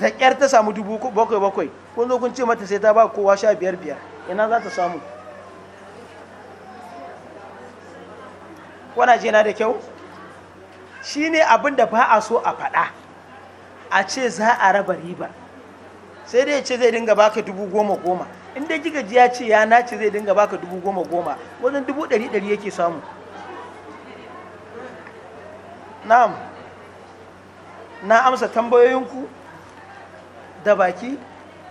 da ƙyar ta samu dubu bakwai bakwai kun zo kun ce mata sai ta ba kowa sha biyar biyar ina za ta samu wana je na da kyau shi ne abin da ba a so a faɗa a ce za a raba riba sai dai ce zai dinga baka dubu goma goma in dai kika ji ya ce ya nace zai dinga baka dubu goma goma wajen dubu ɗari ɗari yake samu na'am na amsa tambayoyinku da baki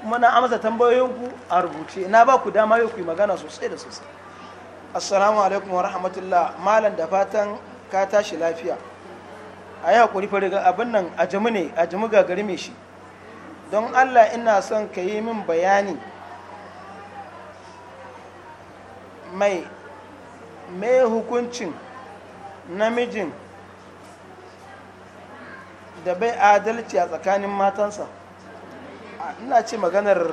kuma na amsa tambayoyinku a rubuce na ba ku dama yau ku yi magana sosai da sosai assalamu alaikum wa rahmatullah malam da fatan ka tashi lafiya a yi haƙuri fariga abin nan a jami ne a jami gagari mai shi don allah ina son ka yi min bayani mai mai hukuncin namijin da bai adalci a tsakanin matansa ina ce maganar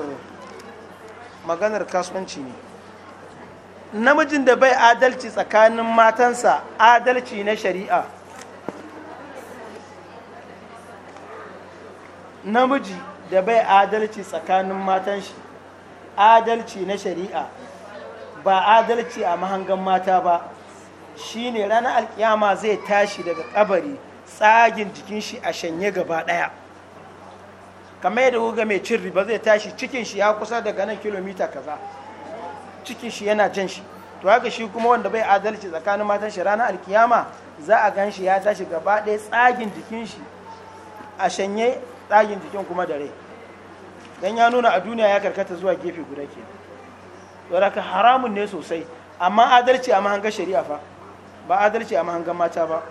maganar kasuwanci ne namijin da bai adalci tsakanin matansa adalci na shari'a namiji da bai adalci tsakanin matanshi, adalci na shari'a ba adalci a mahangan mata ba shi ne ranar alkiyama zai tashi daga kabari tsagin jikin shi a shanye gaba daya kamar yadda kuka mai cin riba zai tashi cikin shi ya kusa daga nan kilomita kaza cikin shi yana jan shi to haka shi kuma wanda bai adalci tsakanin matan shi ranar alkiyama za a gan shi ya tashi gaba ɗaya tsagin jikin shi a shanye tsagin jikin kuma da rai don ya nuna a duniya ya karkata zuwa gefe guda kenan ka haramun ne sosai amma adalci a mahangar shari'a fa ba adalci a mahangar mata ba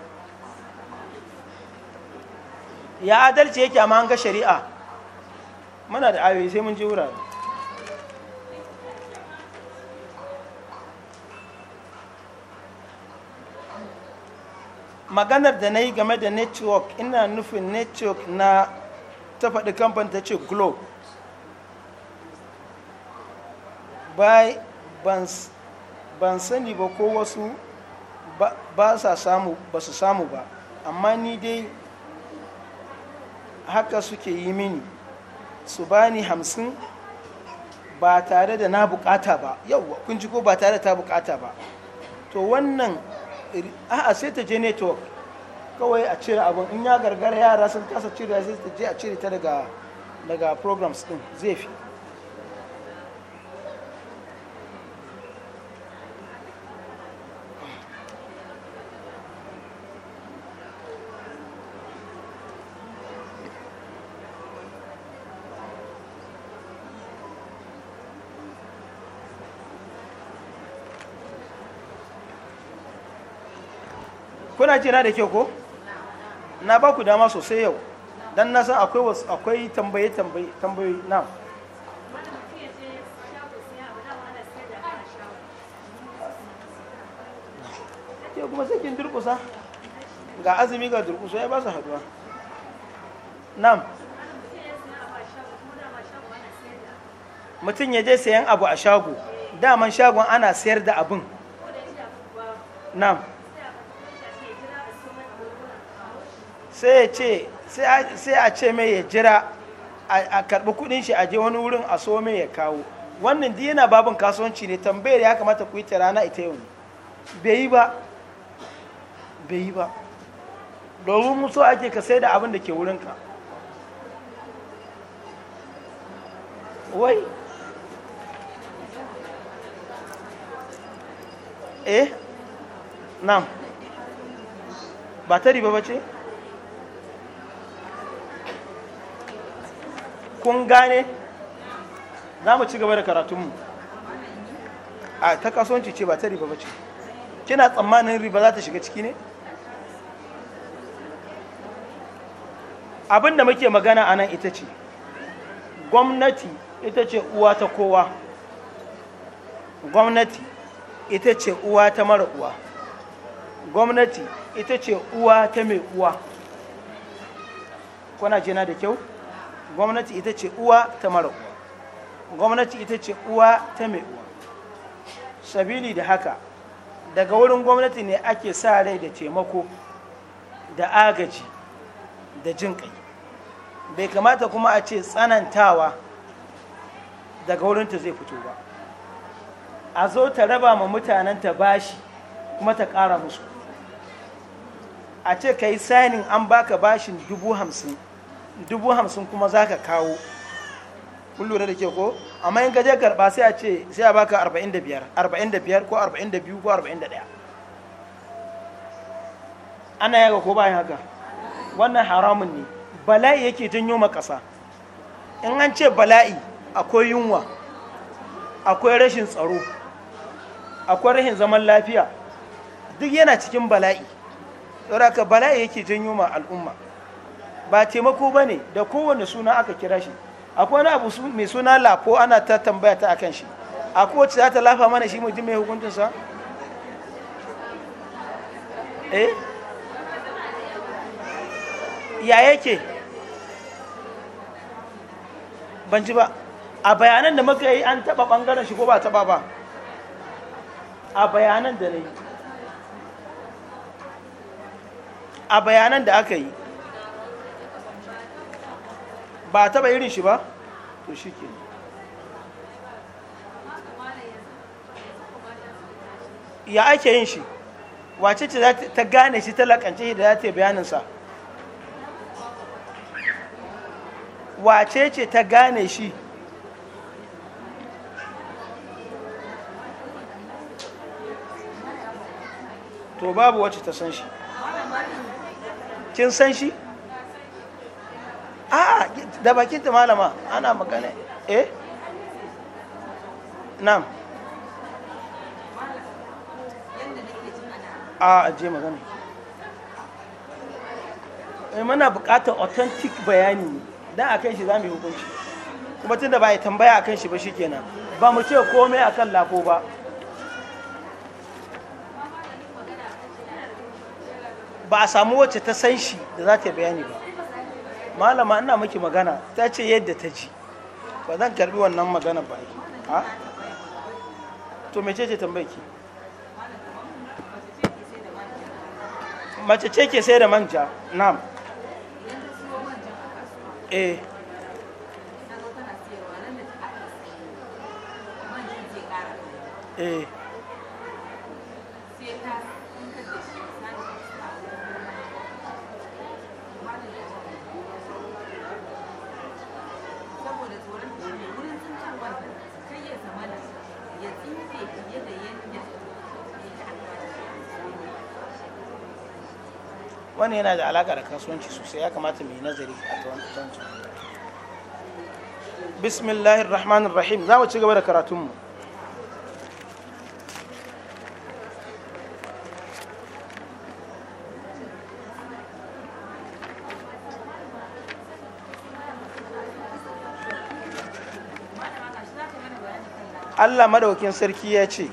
ya adalci yake a mahangar shari'a muna da ayoyi sai mun ji wurare maganar da na yi game da network ina nufin network na ta faɗi kamfan ta ce globe ban sani ba ko wasu ba sa samu ba su samu ba amma ni dai haka suke yi mini su bani hamsin ba tare da na bukata ba yau kun ji ko ba tare da ta bukata ba to wannan a sai ta je network kawai a cire abin in ya gargara yara sun kasa cire sai ta je a cire ta daga daga programs din zai fi kuna jira da kyau ko na ba ku dama sosai yau don na san akwai wasu akwai tambaye tambaye tambayoyi na Ke kuma sai kin durkusa ga azumi ga durkusa ya ba su haduwa na'am mutum ya je sayan abu a shago daman shagon ana sayar da abin na'am sai ya ce sai a ce mai ya jira a karɓi kuɗin shi a je wani wurin a so mai ya kawo wannan duk yana babin kasuwanci ne tambayar ya kamata ku yi ta rana ita yau bai yi ba bai yi ba domin musu ake ka sai da abin da ke wurinka wai eh nan ba ta riba ba ce? kun gane za mu ci gaba da karatunmu a ta kasuwanci ce ba ta riba ba ce kina tsammanin riba za ta shiga ciki ne abin da muke magana a nan ita ce gwamnati ita ce uwa ta kowa gwamnati ita ce uwa ta mara uwa gwamnati ita ce uwa ta mai uwa kuna jina da kyau gwamnati ita ce uwa ta mara gwamnati ita ce uwa ta mai uwa sabili da haka daga wurin gwamnati ne ake sa rai da taimako da agaji da jin kai bai kamata kuma a ce tsanantawa daga wurinta zai fito ba a zo ta raba ma mutanen ta bashi kuma ta ƙara musu a ce ka yi sanin an baka bashin dubu hamsin dubu hamsin kuma za ka kawo kun lura da ke ko amma in gaje karba sai a ce sai a baka arba'in da biyar arba'in da biyar ko arba'in da biyu ko arba'in da ɗaya ana yaga ko bayan haka wannan haramun ne bala'i yake janyo ma ƙasa in an ce bala'i akwai yunwa akwai rashin tsaro akwai rashin zaman lafiya duk yana cikin bala'i ka bala'i yake janyo ma al'umma ba taimako ba ne da kowane suna aka kira shi akwai wani abu mai suna lafo ana ta tambaya ta akan shi akwai wacce za ta lafa mana shi mutum mai hukuntunsa eh ya yake ban ji ba a bayanan da muka yi an taba bangaren shi ko ba taba ba a bayanan da na yi a bayanan da aka yi ba a bai rin shi ba to shi ke ya ake yin shi wace ce ta gane shi ta lakance shi da za ta yi bayaninsa wace ce ta gane shi to babu wacce ta san shi kin san shi a da bakin ta malama ana magana eh na'am a je magana eh, mana buƙatar authentic bayani dan a kan shi za mu yi hukunci kuma tun da ba ya tambaya a kan shi ba shi kenan ba mu ce komai a kan lako ba ba a samu wacce ta san shi da za ta bayani ba malama ina miki magana ta ce yadda ta ji ba zan karbi wannan magana ba ha to me ce tambayi mace ce ke sai da manja nam eh eh wani yana da alaka da kasuwanci sosai ya kamata mai nazari a ta kasuwanci bismillahir rahmanir rahim za mu ci gaba da karatunmu Allah madaukin sarki ya ce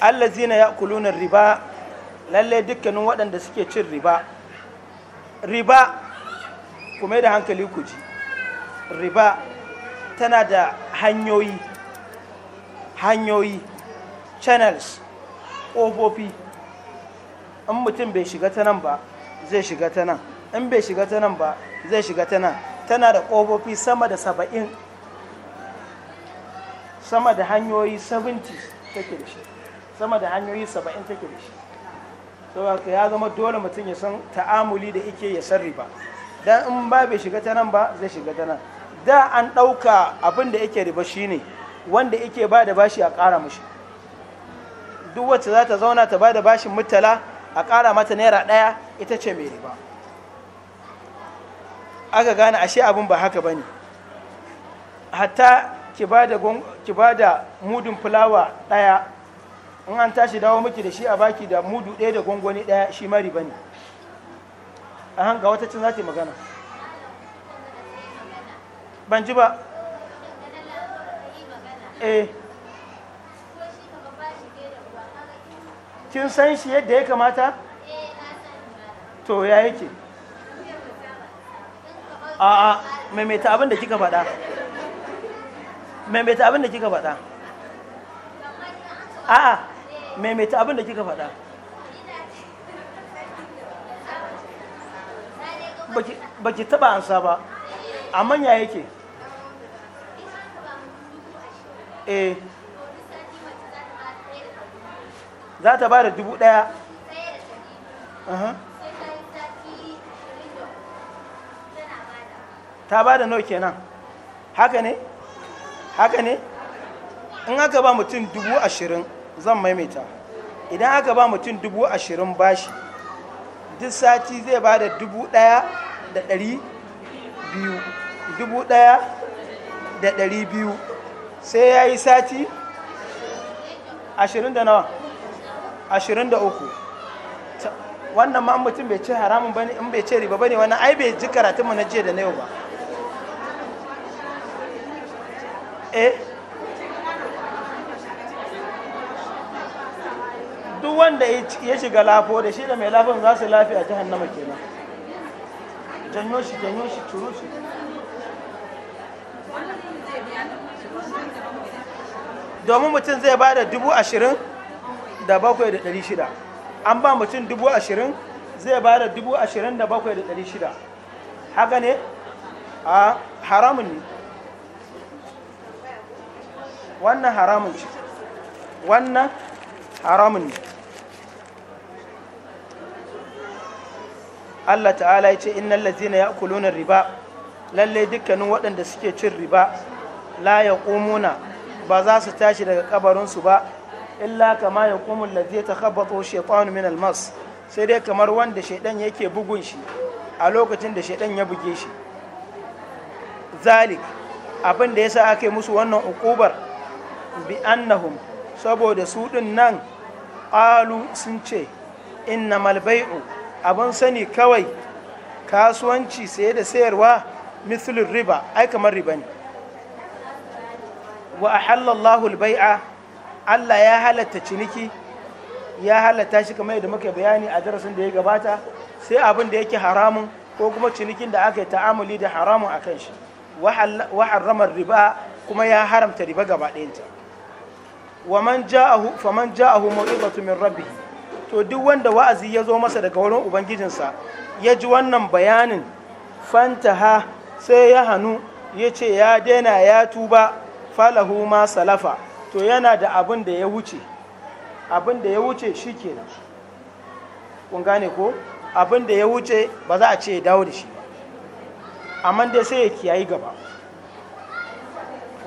Allah zina ya kulunan riba lalle dukkanin waɗanda suke cin riba riba kuma da hankali ku ji riba tana da hanyoyi hanyoyi channels ƙofofi in mutum bai shiga ta nan ba zai shiga ta nan in bai shiga ta nan ba zai shiga ta nan tana da ƙofofi sama da saba'in sama da hanyoyi 70 take da shi sama da hanyoyi 70 take da shi saboda ya zama dole mutum ya san ta'amuli da yake ya san riba dan in ba bai shiga ta nan ba zai shiga ta nan da an ɗauka abin da yake riba shine wanda yake ba da bashi a ƙara mashi duk wacce za ta zauna ta ba da bashin mutala a ƙara mata naira ɗaya ita ce mai riba aka gane ashe abin ba haka ba ne hatta ki ba da mudun fulawa ɗaya in an tashi dawo miki da shi a baki da mudu ɗaya da gwangwani ɗaya shi mari ba ne a hanga wata cin za ta magana ban ji ba eh kin san shi yadda ya kamata to ya yake a a maimaita abin da kika faɗa maimaita abin da kika faɗa a a maimaita abin da kika faɗa ba ki taɓa ansa ba amma ya yake eh za ta ba da dubu ɗaya ta ba da nau kenan haka ne haka ne in aka ba mutum dubu ashirin zan maimaita idan aka ba mutum dubu ashirin bashi duk sati zai ba da dubu ɗaya da ɗari biyu dubu daya da dari biyu sai ya yi sati ashirin da nawa ashirin da uku wannan ma mutum bai ce haramun bane in bai ce riba bane wannan ai bai ji karatunmu na jiya da na yau ba eh duk wanda ya shiga lafo da shi da mai lafon za su lafi a jahannama kenan janyo shi janyo shi turu shi domin mutum zai ba da dubu ashirin da bakwai da ɗari shida an ba mutum dubu ashirin zai ba da dubu ashirin da bakwai da ɗari shida haka ne a haramun ne wannan haramun ce wannan haramun ne Allah ta'ala ya ce innal ladzina ya'kuluna riba lalle dukkanin waɗanda suke cin riba la yaqumuna ba za su tashi daga kabarin su ba illa kama yaqumu allazi takhabbathu shaytanu min almas sai dai kamar wanda shaidan yake bugun shi a lokacin da shaiɗan ya buge shi zalik abin da yasa ake musu wannan ukubar bi annahum saboda su din nan qalu sun ce innamal bai'u abin sani kawai kasuwanci saye da sayarwa mithlul riba ai kamar riba ne wa ahallallahu albai'a Allah ya halatta ciniki ya halatta shi kamar yadda muka bayani a darasin da ya gabata sai abin da yake haramun ko kuma cinikin da aka yi ta'amuli da haramun a kan shi wa harramar riba kuma ya haramta riba gaba ɗayanta wa man ja'ahu faman ja'ahu mau'izatu min rabbihi to duk wanda wa'azi ya zo masa daga wurin ubangijinsa ya ji wannan bayanin fantaha sai ya hannu ya ce ya daina ya tuba falahu ma salafa to yana da abin da ya wuce abin da ya wuce shi kenan kun gane ko abin da ya wuce ba za a ce dawo da shi amma dai sai ya kiyayi gaba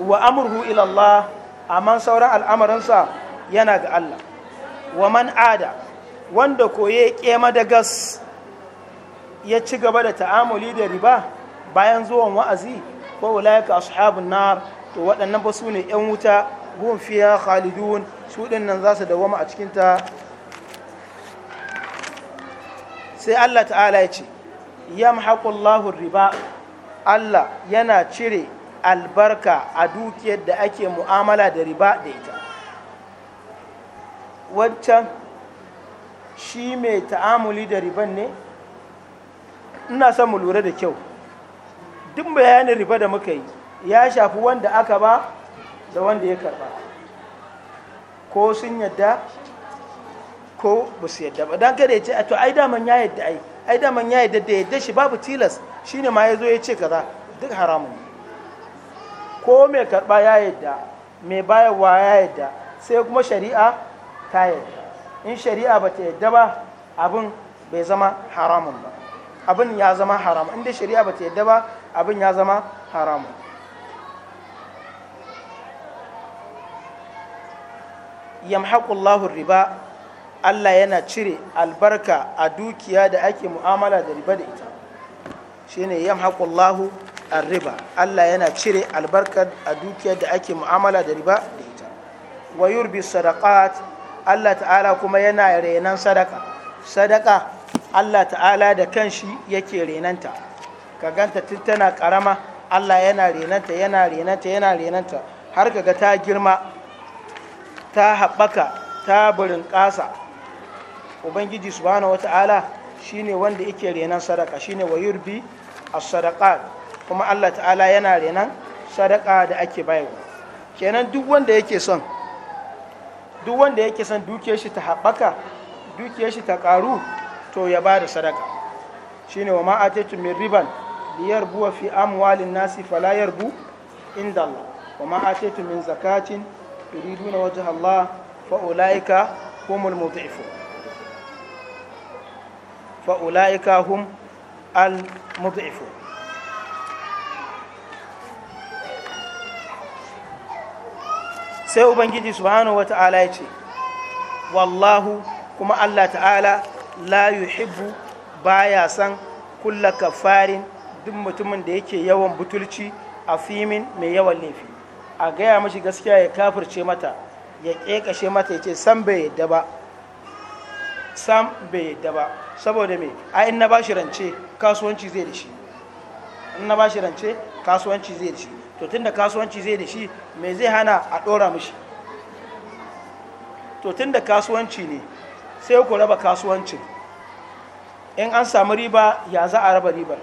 wa amurhu ilallah amma sauran al'amarinsa yana ga Allah wa man ada wanda koye kema da gas ya ci gaba da ta'amuli da riba bayan zuwan wa'azi ko wulayaka ashabun nar to waɗannan ba su ne 'yan wuta gun fiya khalidun su nan za su dawama a cikinta sai allah ta'ala ya ce yamhaqullahu riba allah yana cire albarka a dukiyar da ake mu'amala da riba da ita waccan shi mai ta'amuli da riban ne ina son mu lura da kyau duk bayanin riba da muka yi ya shafi wanda aka ba da wanda ya karba ko sun yadda ko ba su yadda ba don kada ya ce a to ai daman ya yadda ai ai daman ya yadda da yadda shi babu tilas Shi ne ma ya zo ya ce kaza duk haramun ko mai karba ya yadda mai bayarwa ya yadda sai kuma shari'a ta yadda in shari'a ba ta yadda ba abin bai zama haramun ba abin ya zama haramun inda shari'a ba ta yadda ba abin ya zama haramun yamhaqullahu riba Allah yana cire albarka a dukiya da ake mu'amala da riba da ita shine yamhaqullahu riba Allah yana cire albarka a dukiya da ake mu'amala da riba da ita wa yurbi sadaqat Allah ta'ala kuma yana renan sadaka sadaka Allah ta'ala da kanshi yake renanta ka ganta tun tana karama Allah yana renanta yana renanta yana renanta har kaga ta girma ta haɓaka ta burin ƙasa ubangiji subhanahu wata'ala shine wanda yake renan sadaka shine wa yurbi as-sadaqat kuma Allah ta'ala yana renan sadaka da ake bayarwa kenan duk wanda yake son duk wanda yake son dukiyar shi ta haɓaka dukiyar shi ta ƙaru to ya ba da sadaka shine wa ma'atatu min riban buwa fi amwalin nasi fala bu inda Allah wa ma'atatu min zakatin turiduna wajha Allah fa humul hum al mudhifun sai ubangiji subhanahu wata'ala ya ce wallahu kuma allah ta'ala la yuhibbu baya san kulla kafarin duk mutumin da yake yawan butulci a fimin mai yawan laifi a gaya mashi gaskiya ya kafirce mata ya kekashe mata ya ce san bai yadda ba san bai yadda ba saboda me a in na bashi rance kasuwanci zai da shi rance kasuwanci zai da shi to da kasuwanci zai da shi me zai hana a ɗora mishi to da kasuwanci ne sai ku raba kasuwancin in an samu riba ya za a raba ribar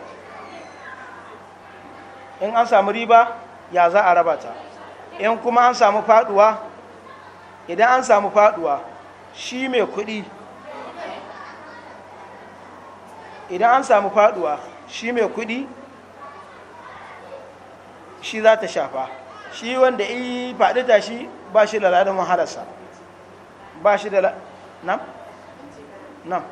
in an samu riba ya za a raba ta in kuma an samu faduwa idan an samu faduwa shi mai kudi idan an samu faduwa shi mai kuɗi shi za ta shafa shi wanda yi faɗi tashi ba shi da ladin wahalarsa ba shi da nam nam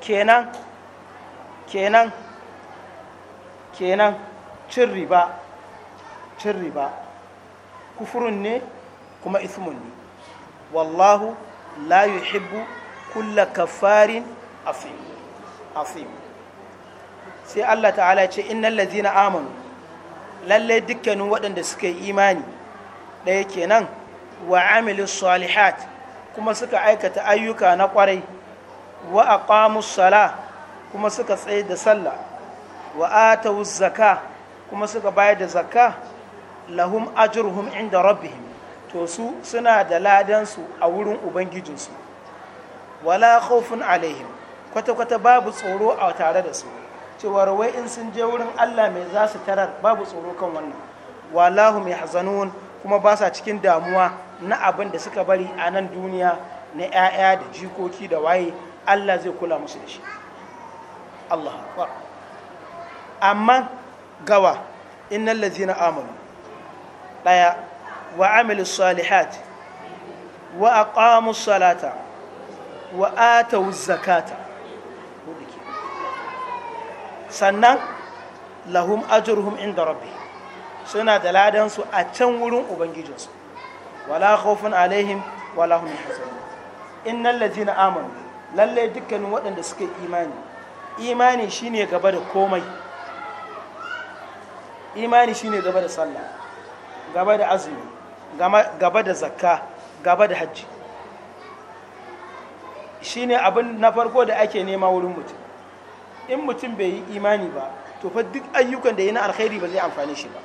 kenan kenan kenan cin riba cin riba kufurun ne kuma ismun ne wallahu la yuhibbu kulla kafarin asim sai Allah ta'ala ce innal ladzina amanu lalle dukkanin waɗanda suka yi imani ɗaya kenan wa amilu salihat kuma suka aikata ayyuka na ƙwarai wa sala kuma suka tsaye da sallah wa zaka kuma suka bayar da zakka lahum ajruhum inda rabbihim to su suna da ladansu a wurin ubangijinsu wala khawfun alaihim kwata-kwata babu tsoro a tare da su cewa wai in sun je wurin Allah mai za su tarar babu tsoro kan wannan hum yahzanun kuma ba sa cikin damuwa na abin da suka bari a nan duniya na 'ya'ya da jikoki da waye Allah zai kula musu da shi Allah amma gawa innal ladzina amanu ɗaya wa amilu salihat wa aqamu salata wa atawu zakata sannan lahum ajruhum inda rabbi suna da ladan su a can wurin ubangijinsu wala khawfun alaihim wala hum yahzanun innal ladina amanu lalle dukkanin waɗanda suka imani imani shine gaba da komai imani shine gaba da sallah gaba da azumi gaba da zakka gaba da hajji shi ne abin na farko da ake nema wurin mutum in mutum bai yi imani ba to fa duk ayyukan da ya na alkhairi ba zai amfani shi ba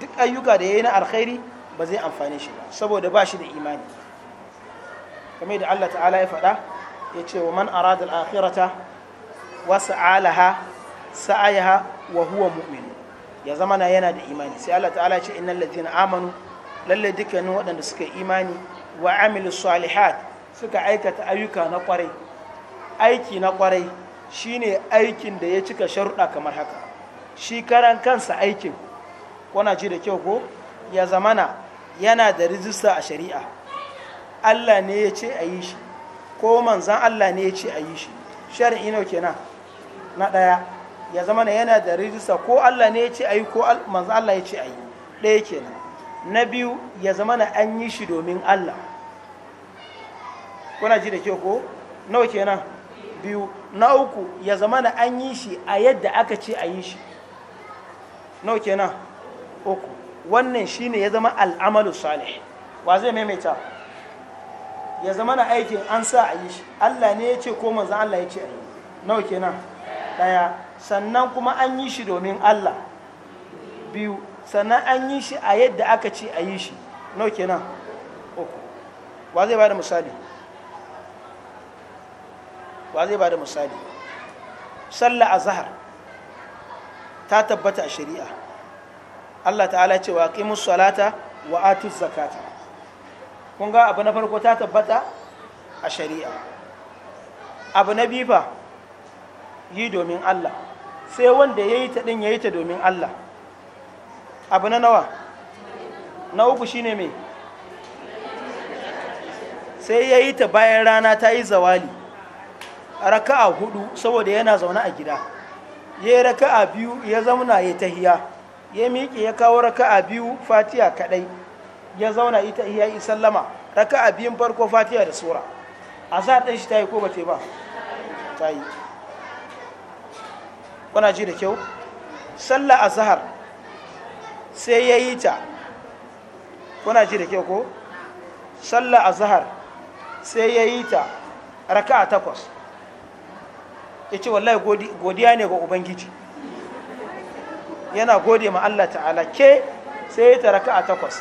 duk ayyuka da ya na alkhairi ba zai amfani shi ba saboda ba shi da imani kame da Allah ta'ala ya faɗa ya ce wa man arada al'akhirata wa sa'alaha sa'ayaha wa huwa mu'min ya zama na yana da imani sai Allah ta'ala ce innal ladina amanu lalle dukkanin waɗanda suka imani wa amilu salihat suka aikata ayyuka na kwarai aiki na kwarai shine aikin da ya cika sharuɗa kamar haka shi karan kansa aikin kuna ji da kyau ko ya na yana da rijista a shari'a Allah ne ya ce a yi shi ko manzan Allah ne ya ce a yi shi shari'i ne kenan na ɗaya ya zama na yana da rijista ko Allah ne ya ce ayi ko manzo Allah ya ce ayi ɗaya kenan na biyu ya zama na an yi shi domin Allah kuna ji da ke ko nawa kenan biyu na uku ya zama na an yi shi a yadda aka ce a yi shi nawa kenan uku wannan shine ya zama al'amalu salih wa zai maimaita ya zama na aikin an sa a yi shi Allah ne ya ce ko manzo Allah ya ce a yi nawa kenan daya sannan kuma an yi shi domin Allah biyu sannan an yi shi a yadda aka ce a yi shi nau kenan uku wa zai ba da misali wa zai ba da misali sallah a zahar ta tabbata a shari'a Allah ta'ala ce wa qimus salata wa atuz zakata kun ga abu na farko ta tabbata a shari'a abu na bifa yi domin Allah sai wanda ya yi ta ɗin ya yi ta domin Allah abu na nawa na uku shine mai sai ya yi ta bayan rana ta yi zawali raka'a hudu saboda yana zaune a gida ya yi raka'a biyu ya zauna ya tahiya ya miƙe ya kawo raka'a biyu fatiya kaɗai ya zauna ita iya yi sallama raka'a biyun farko fatiya da sura a sa ɗan shi ta yi ko ba ta yi ba ta yi kuna ji da kyau sallah azhar sai ya yi ta kuna ji da kyau ko sallah azhar sai ya yi ta raka'a takwas ya ce wallahi godiya ne ga ubangiji yana gode ma Allah ta'ala ke sai ya ta raka'a takwas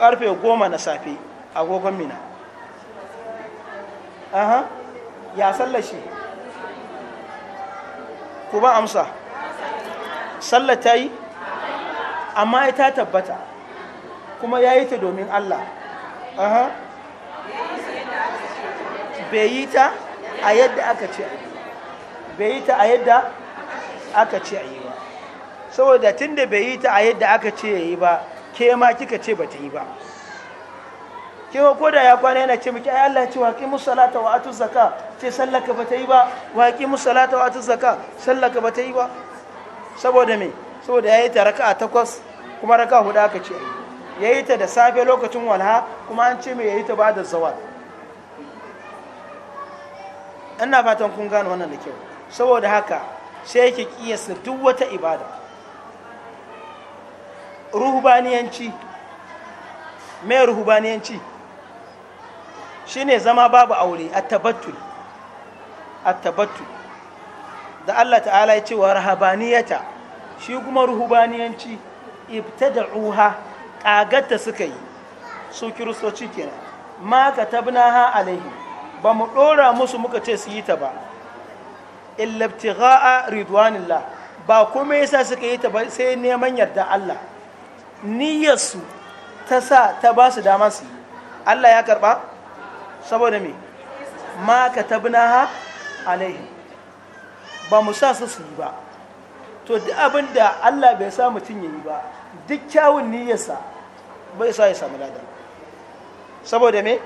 karfe goma na safe agogon mina aha ya sallar shi ku ba amsa sallah ta yi amma ya ta tabbata kuma ya yi ta domin allah aha bai yi ta a yadda aka ce bai yi ta a yadda aka ce a yi ba saboda tun da bai yi ta a yadda aka ce ya yi ba ke ma kika ce ba ta yi ba kewa ko da ya kwana yana ce miki ai Allah ce waƙi musalata wa atu zaka ce sallaka ba yi ba waƙi musalata wa atu zaka sallaka ba yi ba saboda me saboda ya yi ta raka a takwas kuma raka huda aka ce ya yi ta da safe lokacin walha kuma an ce me ya yi ta ba da zawal ina fatan kun gane wannan da kyau saboda haka sai yake kiyasa duk wata ibada ruhubaniyanci mai ruhubaniyanci ne zama babu aure a tabbatul a tabbatul da Allah ta'ala ya ce wa rahabaniyata shi kuma ruhubaniyanci ibtada'uha kagatta suka yi su kiristoci kenan ma ka tabna ha, alaihi ba mu ɗora musu muka ce su yi ta ba illabtigha'a ridwanillah ba kuma yasa suka yi ta ba sai neman yarda Allah niyyarsu ta sa ta ba su dama Allah ya karɓa. saboda me ma ka tabnaha alaihi ba mu sa su yi ba to duk abin da Allah bai sa mutum ya yi ba duk kyawun niyyarsa bai sa ya samu ladan saboda me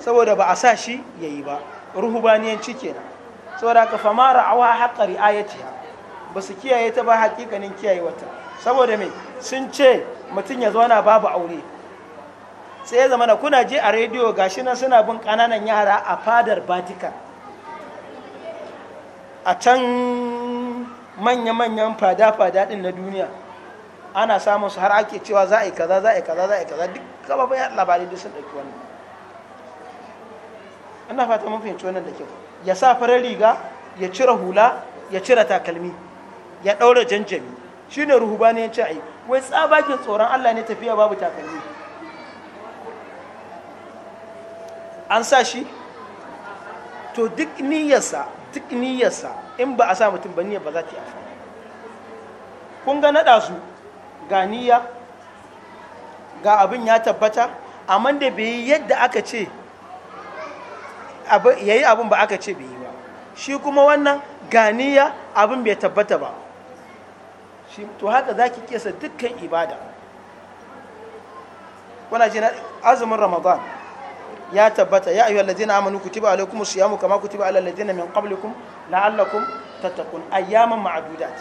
saboda ba a sa shi ya yi ba cike na saboda ka fama ra'awa haƙa ri'ayatiha ba su kiyaye ta ba haƙiƙanin kiyaye wata saboda me sun ce mutum ya na babu aure sai ya zama na kuna je a rediyo gashi nan suna bin kananan yara a fadar vatican a can manya-manyan fada-fada din na duniya ana samun su har ake cewa za a yi kaza za a yi kaza za a yi kaza duk kaba ya labarai duk sun ɗauki wannan ina fata mun fahimci wannan da kyau ya sa farar riga ya cire hula ya cire takalmi ya ɗaura janjami shine ruhubaniyanci a yi wai tsabakin tsoron allah ne tafiya babu takalmi an sa shi to duk niyyarsa duk niyyarsa in ba a sa mutum ba niyyar ba za ta yi amfani kun ga naɗa su ga niyya ga abin ya tabbata amma da bai yi yadda aka ce ya yi abin ba aka ce bai yi ba shi kuma wannan ga niyya abin bai tabbata ba to haka za ki kesa dukkan ibada kuna ce azumin ramadan ya tabbata ya ayyuhal ladina amanu kutiba alaykumus siyamu kama kutiba alal ladina min qablikum la'allakum tattaqun ayyaman ma'dudat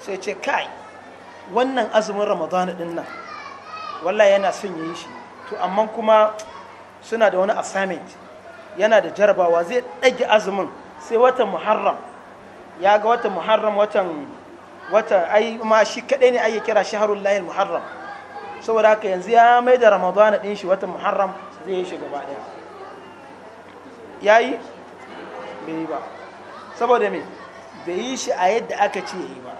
sai ce kai wannan azumin ramadana din nan wallahi yana son yi shi to amma kuma suna da wani assignment yana da jarabawa zai ɗage azumin sai watan muharram ya ga watan muharram watan wata ai ma shi kadai ne ai kira shahrul lahil muharram saboda haka yanzu ya mai da ramadana din shi watan muharram zai shi gaba ɗaya ya yi bai ba saboda me bai yi shi a yadda aka ce yi ba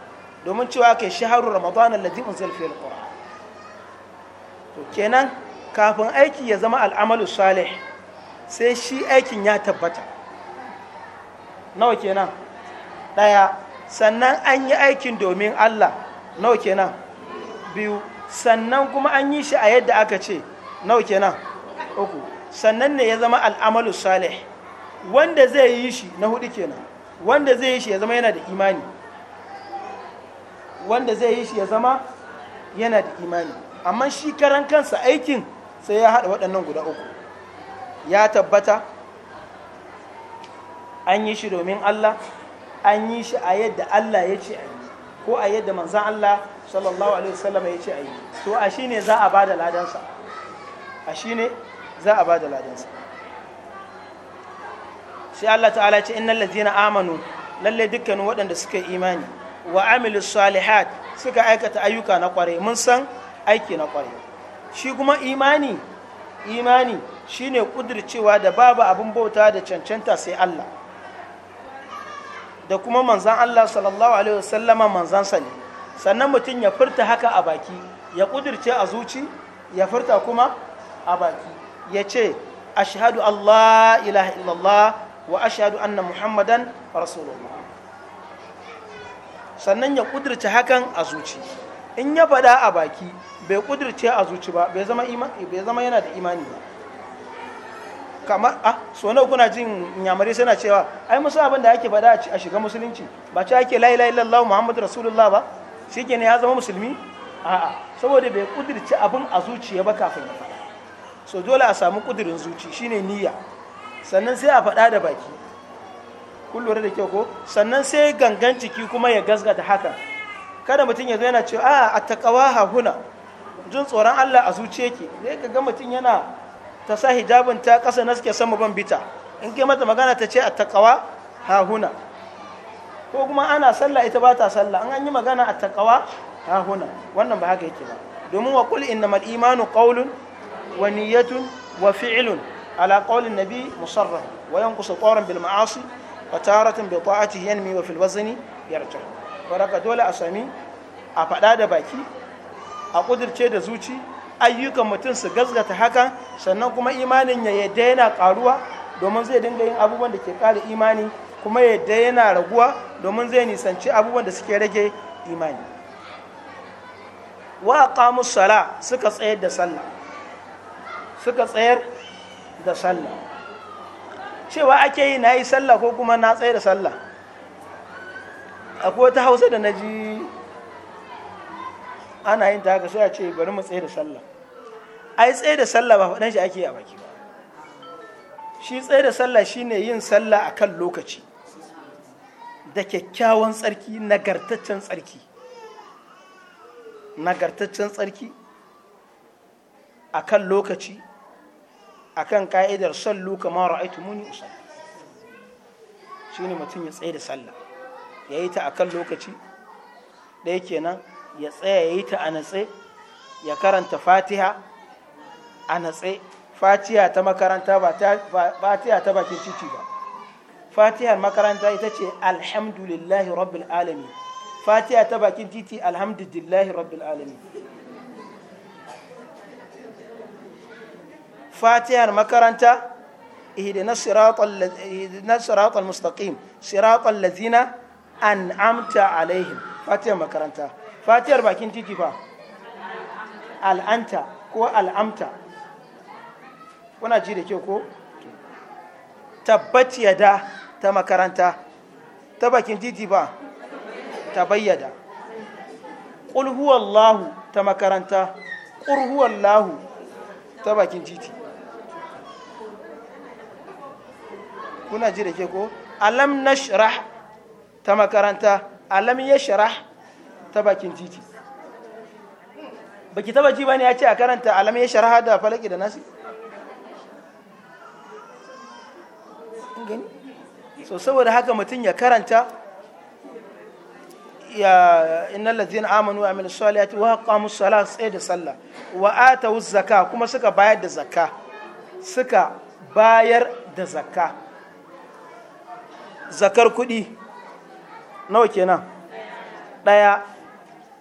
domin cewa ke shaharu ramadana alladhi unzila fil to kenan kafin aiki ya zama al'amalu salih sai shi aikin ya tabbata nawa kenan ɗaya sannan an yi aikin domin Allah nawa kenan biyu sannan kuma an yi shi a yadda aka ce nawa kenan uku sannan ne ya zama al'amalu salih wanda zai yi shi na hudu kenan wanda zai yi shi ya zama yana da imani wanda zai yi shi ya zama yana da imani amma shi karan kansa aikin sai ya haɗa waɗannan guda uku ya tabbata an yi shi domin Allah an yi shi a yadda Allah ya ce a yi ko a yadda manzan Allah sallallahu alaihi wasallam ya ce a yi to a shi ne za a ba da ladansa a shi ne za a ba da ladansa sai Allah ta'ala ce innal ladzina amanu lalle dukkanin waɗanda suka yi imani wa amilu salihat suka aikata ayyuka na kware mun san aiki na kware shi kuma imani imani shine kudircewa da babu abin bauta da cancanta sai Allah da kuma manzan Allah sallallahu alaihi wasallama manzansa ne sannan mutum ya furta haka a baki ya kudirce a zuci ya furta kuma a baki ya ce shahadu Allah ilaha illallah wa shahadu anna muhammadan rasulullah sannan ya kudirce hakan a zuci in ya faɗa a baki bai kudirce a zuci ba bai zama yana da imani ba kamar a ah, so na kuna jin nyamare suna cewa ai musu abin da ake faɗa a shiga musulunci ba ce ake la ilaha illallah muhammadu rasulullah ba shi ne ya zama musulmi a'a saboda bai kudirce abin a zuciya ba kafin ya faɗa so dole a samu kudirin zuci shine niyya sannan sai a faɗa da baki kun lura da kyau ko sannan sai gangan ciki kuma ya gasgata haka kada mutum ya zo yana cewa a a takawa hahuna jin tsoron Allah a zuci yake zai ka ga mutum yana ta sa hijabin ta ƙasa na suke sama ban bita in kai mata magana ta ce a takawa hahuna ko kuma ana sallah ita ba ta sallah an yi magana a takawa hahuna wannan ba haka yake ba domin wa kul innamal imanu qawlun ونية وفعل على قول النبي مصرح وينقص طارا بالمعاصي وتارة بطاعته ينمي وفي الوزن يرجع ورقة دولة أسامي baki باكي أقدر تشيد zuci ayyukan mutum su gazgata haka sannan kuma imanin ya daina karuwa domin zai dinga yin abubuwan da ke kara imani kuma ya daina raguwa domin zai nisanci abubuwan da suke rage imani wa aqamus sala suka tsayar da sallah suka tsayar da sallah cewa ake yi na yi sallah ko kuma na tsayar da sallah akwai wata hausa da na ji ana yin ta haka sai a ce bari mu tsaye da sallah ai tsaye da sallah ba faɗan shi ake yi a baki ba shi tsaye da sallah shine yin sallah a kan lokaci da kyakkyawan tsarki nagartaccen tsarki nagartaccen tsarki a kan lokaci akan ka'idar sallu kama ra'aitu muni usalli ne mutum ya tsaye da sallah ya yi ta kan lokaci ɗaya kenan ya tsaya ya yi ta a natse ya karanta fatiha a natse fatiha ta makaranta ba fatiha ta bakin titi ba fatihar makaranta ita ce alhamdulillahi rabbil alami fatiha ta bakin titi alhamdulillahi rabbil alami fatihar makaranta ihdina siratal mustaqim siratal lazina an'amta alaihim fatihar makaranta fatihar bakin titi fa al'anta ko al'amta kuna ji da ke ko tabbat ta makaranta ta bakin titi ba ta bayyada ƙul ta makaranta ƙur huwallahu ta bakin titi kuna ji da ke ko alam na nashrah ta makaranta alam ya yashrah ta bakin titi baki taba ji bane ya ce a karanta alam ya yashrah da falaki da nasi so saboda haka mutum ya karanta ya inna ladzina amanu wa amilus salihati wa aqamus salat tsaye da sallah wa atawuz zakah kuma suka bayar da zakka suka bayar da zakka zakar kuɗi nawa kenan ɗaya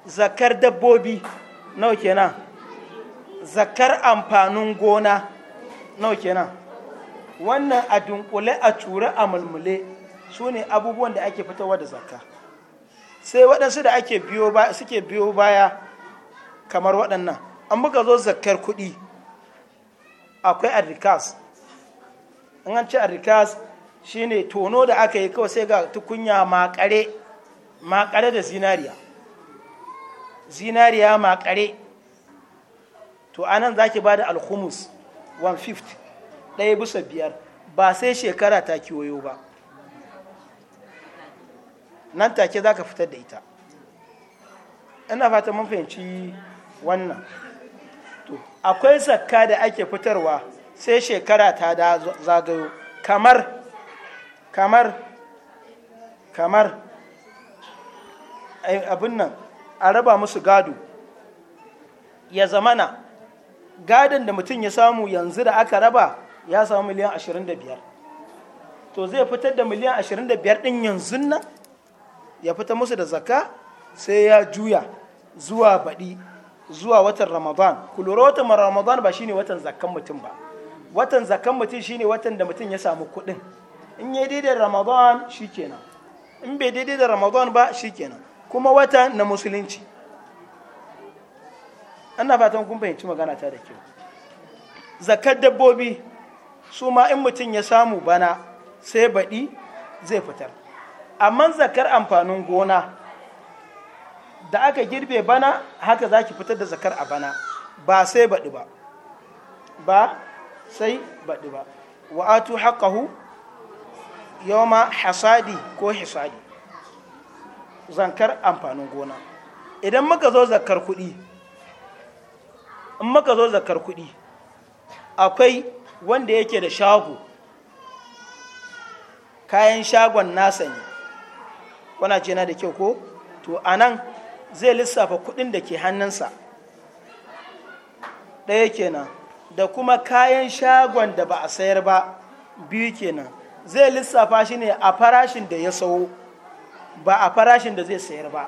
zakar dabbobi nawa kenan zakar amfanin gona nawa kenan wannan a dunkule a ture a mulmule su ne abubuwan da ake fitowa da zakka sai waɗansu da ake biyo baya suke biyo baya kamar waɗannan an buga zo zakar kuɗi akwai arrikas an an ce arrikas shine tono da aka yi kawai sai ga tukunya makare makare da zinariya zinariya makare to anan zaki bada alhumus 150 ɗaya bisa biyar ba sai shekara ta kiwoyo ba nan take za ka fitar da ita ina fata mun fahimci wannan to akwai zakka da ake fitarwa sai shekara ta zagayo kamar kamar kamar abin nan a raba musu gado ya zamana gadon da mutum ya samu yanzu da aka raba ya samu miliyan 25 to zai fitar da miliyan 25 din yanzu nan ya fita musu da zaka sai ya juya zuwa baɗi zuwa watan ramadan kulura watan ramadan ba shine watan zakkan mutum ba watan zakkan mutum shine watan da mutum ya samu kuɗin in ya daidai da ramadan shikenan in bai daidai da ramadan ba shikenan kuma wata na musulunci ana fatan kun fahimci magana ta da kyau zakar dabbobi su ma in mutum ya samu bana sai baɗi zai fitar amma zakar amfanin gona da aka girbe bana haka za ki fitar da zakar a bana ba sai baɗi ba ba sai baɗi ba wa'atu haƙahu yoma hasadi ko hisadi zankar amfanin gona idan muka zo zakar kudi in muka zo zakar kuɗi akwai wanda yake da shago kayan shagon nasa ne wana ce na da kyau ko to anan zai lissafa kudin da ke hannunsa ɗaya kenan da kuma kayan shagon da ba a sayar ba biyu kenan zai lissafa shi ne a farashin da ya sau ba a farashin da zai sayar ba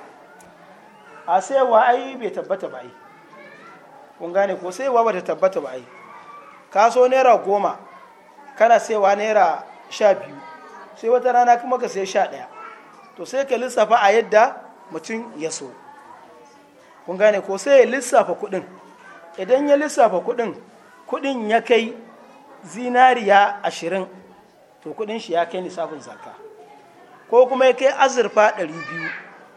a saiwa ai bai tabbata ba ai kun gane ko saiwa ba ta tabbata ba ai ka so naira goma kana saiwa naira sha biyu sai wata rana kuma ka sai sha ɗaya to sai ka lissafa a yadda mutum ya so kun gane ko sai ya lissafa kuɗin idan ya lissafa kuɗin kuɗin ya kai zinariya ashirin to kudin shi ya kai nisabin zakka ko kuma ya kai azurfa 200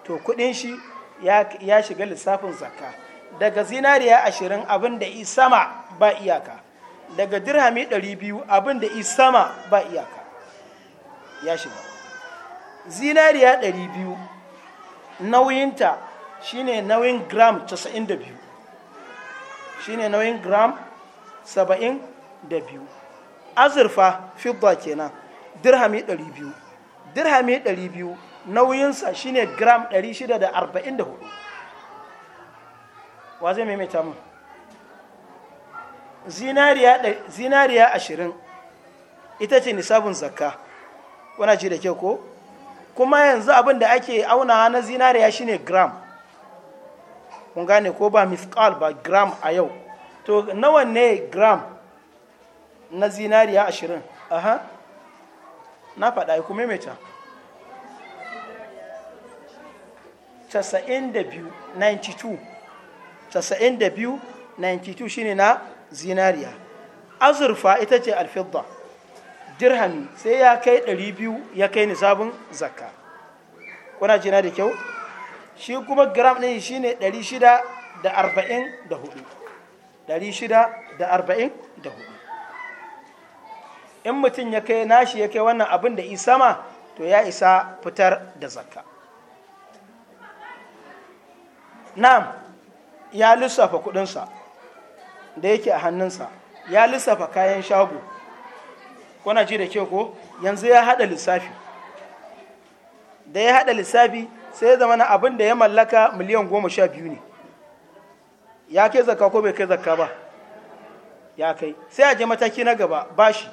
to kudin shi ya shiga lissafin zakka daga zinariya 20 abin da sama ba iyaka daga dirhami 200 abin da sama ba iyaka ya shiga zinariya 200 nauyinta shine nauyin gram 92 shine nauyin gram 72 azurfa fidda kenan dirhami 200 dirhami 200 nauyinsa shine gram 644 wa zai maimaita mu zinariya 20 ita ce nisabin zakka wana ji da ke ko kuma yanzu abin da ake auna na zinariya shine gram kun gane ko ba mithqal ba gram a yau to nawa ne gram na zinariya ashirin aha na faɗa ya kuma 92 92 shine na zinariya azurfa ita ce alfidda dirhami sai ya kai 200 ya kai nisabin zakka kuna jina da kyau shi kuma gram ɗin shi ne 644 644 in mutum ya kai nashi ya kai wannan abin da isama to ya isa fitar da zakka na'am ya lissafa kudinsa da yake a hannunsa ya lissafa kayan shago kuna ji da ke ko yanzu ya hada lissafi da ya hada lissafi sai ya zama na abin da ya mallaka miliyan goma sha biyu ne ya kai zakka ko bai kai zakka ba ya kai sai a je mataki na gaba bashi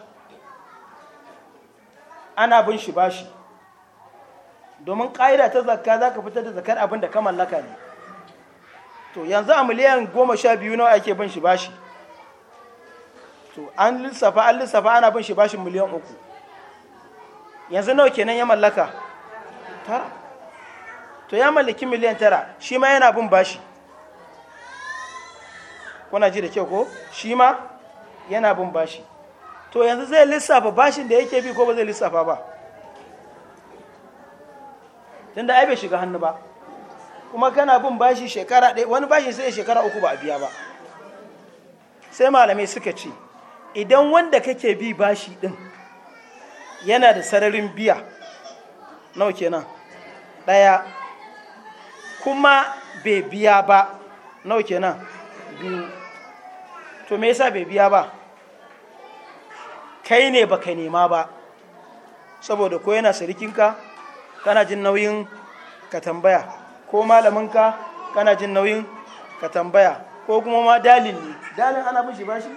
ana bin shi bashi domin ƙa'ida ta zakka za ka fitar da zakar abin da ka mallaka ne to yanzu a miliyan goma sha biyu nawa ake bin shi bashi to an lissafa an lissafa ana bin shi bashi miliyan uku yanzu nawa kenan ya mallaka tara to ya mallaki miliyan tara shi ma yana bin bashi kuna ji da kyau ko shi ma yana bin bashi to yanzu zai lissafa bashin da yake bi ko ba zai lissafa ba tunda ai bai shiga hannu ba kuma kana bin bashi shekara ɗaya wani bashi sai shekara uku ba a biya ba sai malamai suka ce idan wanda kake bi bashi ɗin yana da sararin biya wake kenan ɗaya kuma bai biya ba wake kenan biyu to me yasa bai biya ba kai ne baka nema ba saboda ko yana sirikinka kana jin nauyin ka tambaya ko malaminka kana jin nauyin ka tambaya ko kuma ma dalil ne dalil ana bin shi ba shi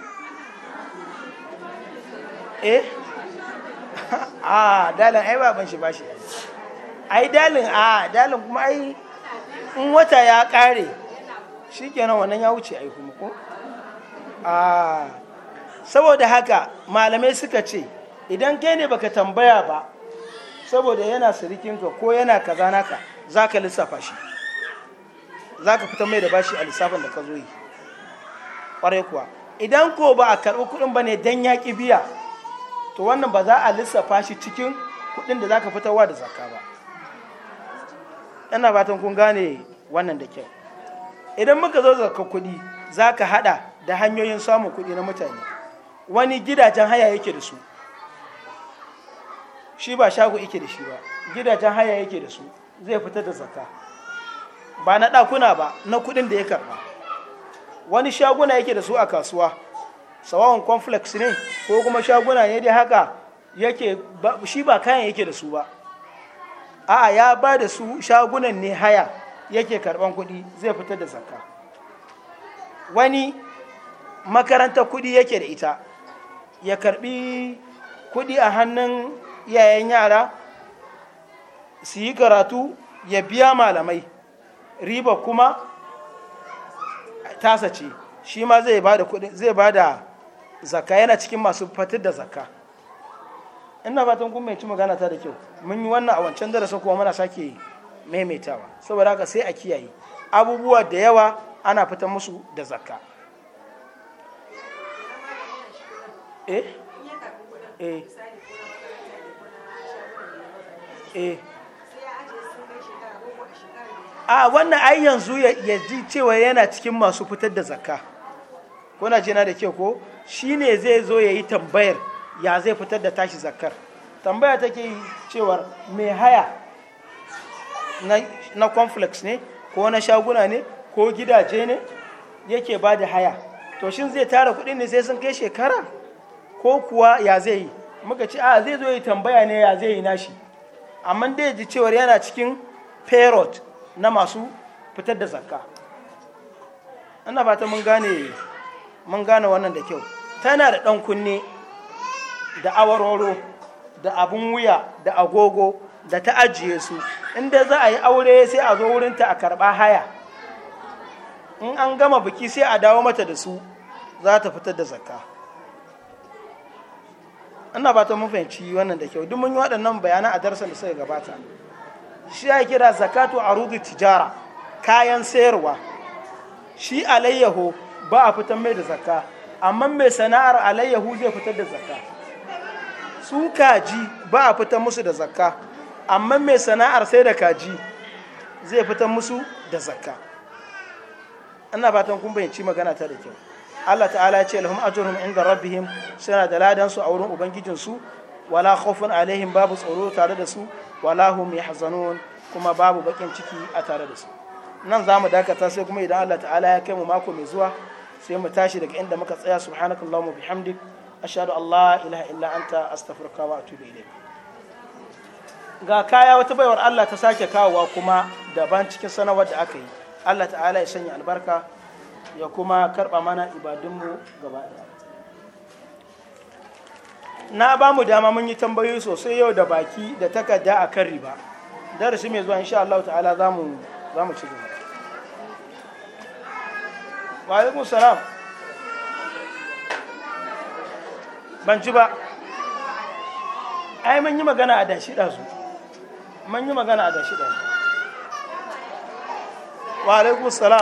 eh ah dalin ai baban shi bashi ai dalin ah dalin kuma ai in wata ya kare shikenan wannan ya wuce ai kuma ko ah saboda haka malamai suka ce idan kai ne baka tambaya ba saboda yana sirikinka ko yana kaza naka za ka lissafa shi za ka fitar mai da bashi a lissafin da ka zo yi ƙwarai kuwa idan ko ba a karɓi kuɗin ba ne don yaƙi biya to wannan ba za a lissafa shi cikin kuɗin da za ka fitarwa da zaka ba yana fatan kun gane wannan da kyau idan muka zo zaka kuɗi za ka haɗa da hanyoyin samun kuɗi na mutane wani gidajen haya yake da su shi ba shago yake da shi ba gidajen haya yake da su zai fita da zaka ba na ɗakuna ba na kuɗin da ya karɓa wani shaguna yake da su a kasuwa sawawan complex ne ko kuma shaguna ne dai haka yake shi ba kayan yake da su ba a'a ya ba da su shagunan ne haya yake karban kuɗi zai fitar da zakka wani makarantar kuɗi yake da ita ya karbi kudi a hannun iyayen yara su yi karatu ya biya malamai riba kuma tasa ce shi ma zai bada da zai bada yana cikin masu fatar da zakka ina fatan kun mai ci magana ta da kyau mun yi wannan a wancan darasin kuma muna sake maimaitawa saboda haka sai a kiyaye abubuwa da yawa ana fitan musu da zakka Eh? Eh. eh a wannan ai yanzu ya ji cewa yana cikin masu fitar da zakka kuna jina da ke ko shi ne zai zo ya yi tambayar ya zai fitar da tashi zakkar tambaya take yi cewar mai haya na conflux ne ko na shaguna ne ko gidaje ne yake ba da haya to shin zai tara kuɗi ne sai sun kai shekara ko kuwa ya zai yi muka ce a zai zo yi tambaya ne ya zai yi nashi amma dai ji cewar yana cikin parrot na masu fitar da zakka ana fata mun gane mun gane wannan da kyau tana da ɗan kunne da awaroro da abun wuya da agogo da ta ajiye su inda za a yi aure sai a zo wurinta a karɓa haya in an gama biki sai a dawo mata da su za ta fitar da zakka ina ba ta mun fahimci wannan da kyau duk mun yi waɗannan bayanan a darasin da suka gabata shi ya kira zakatu rudu tijara kayan sayarwa shi alayyahu ba a fitar mai da zakka amma mai sana'ar alayyahu zai fitar da zakka su kaji ba a fitar musu da zakka amma mai sana'ar sai da kaji zai fitar musu da zakka ba ta mun fahimci magana ta da kyau Allah ta'ala ya ce lahum ajruhum inda rabbihim suna da ladan su a wurin ubangijin su wala khawfun alaihim babu tsoro tare da su wala hum yahzanun kuma babu bakin ciki a tare da su nan zamu dakata sai kuma idan Allah ta'ala ya kai mu mako mai zuwa sai mu tashi daga inda muka tsaya subhanakallahumma bihamdik ashhadu an la ilaha illa anta astaghfiruka wa atubu ilayk ga kaya wata baiwar Allah ta sake kawowa kuma daban cikin sanawar da aka yi Allah ta'ala ya sanya albarka ya kuma karɓa mana ibadunmu gaba ɗaya na ba mu dama mun yi tambayoyi sosai yau da baki da takarda a kan riba darasi mai zuwa insha Allah ta'ala za mu ci gaba wa alaikum salam ban ci ba ai mun yi magana a dashi da su mun yi magana a dashi da su wa alaikum salam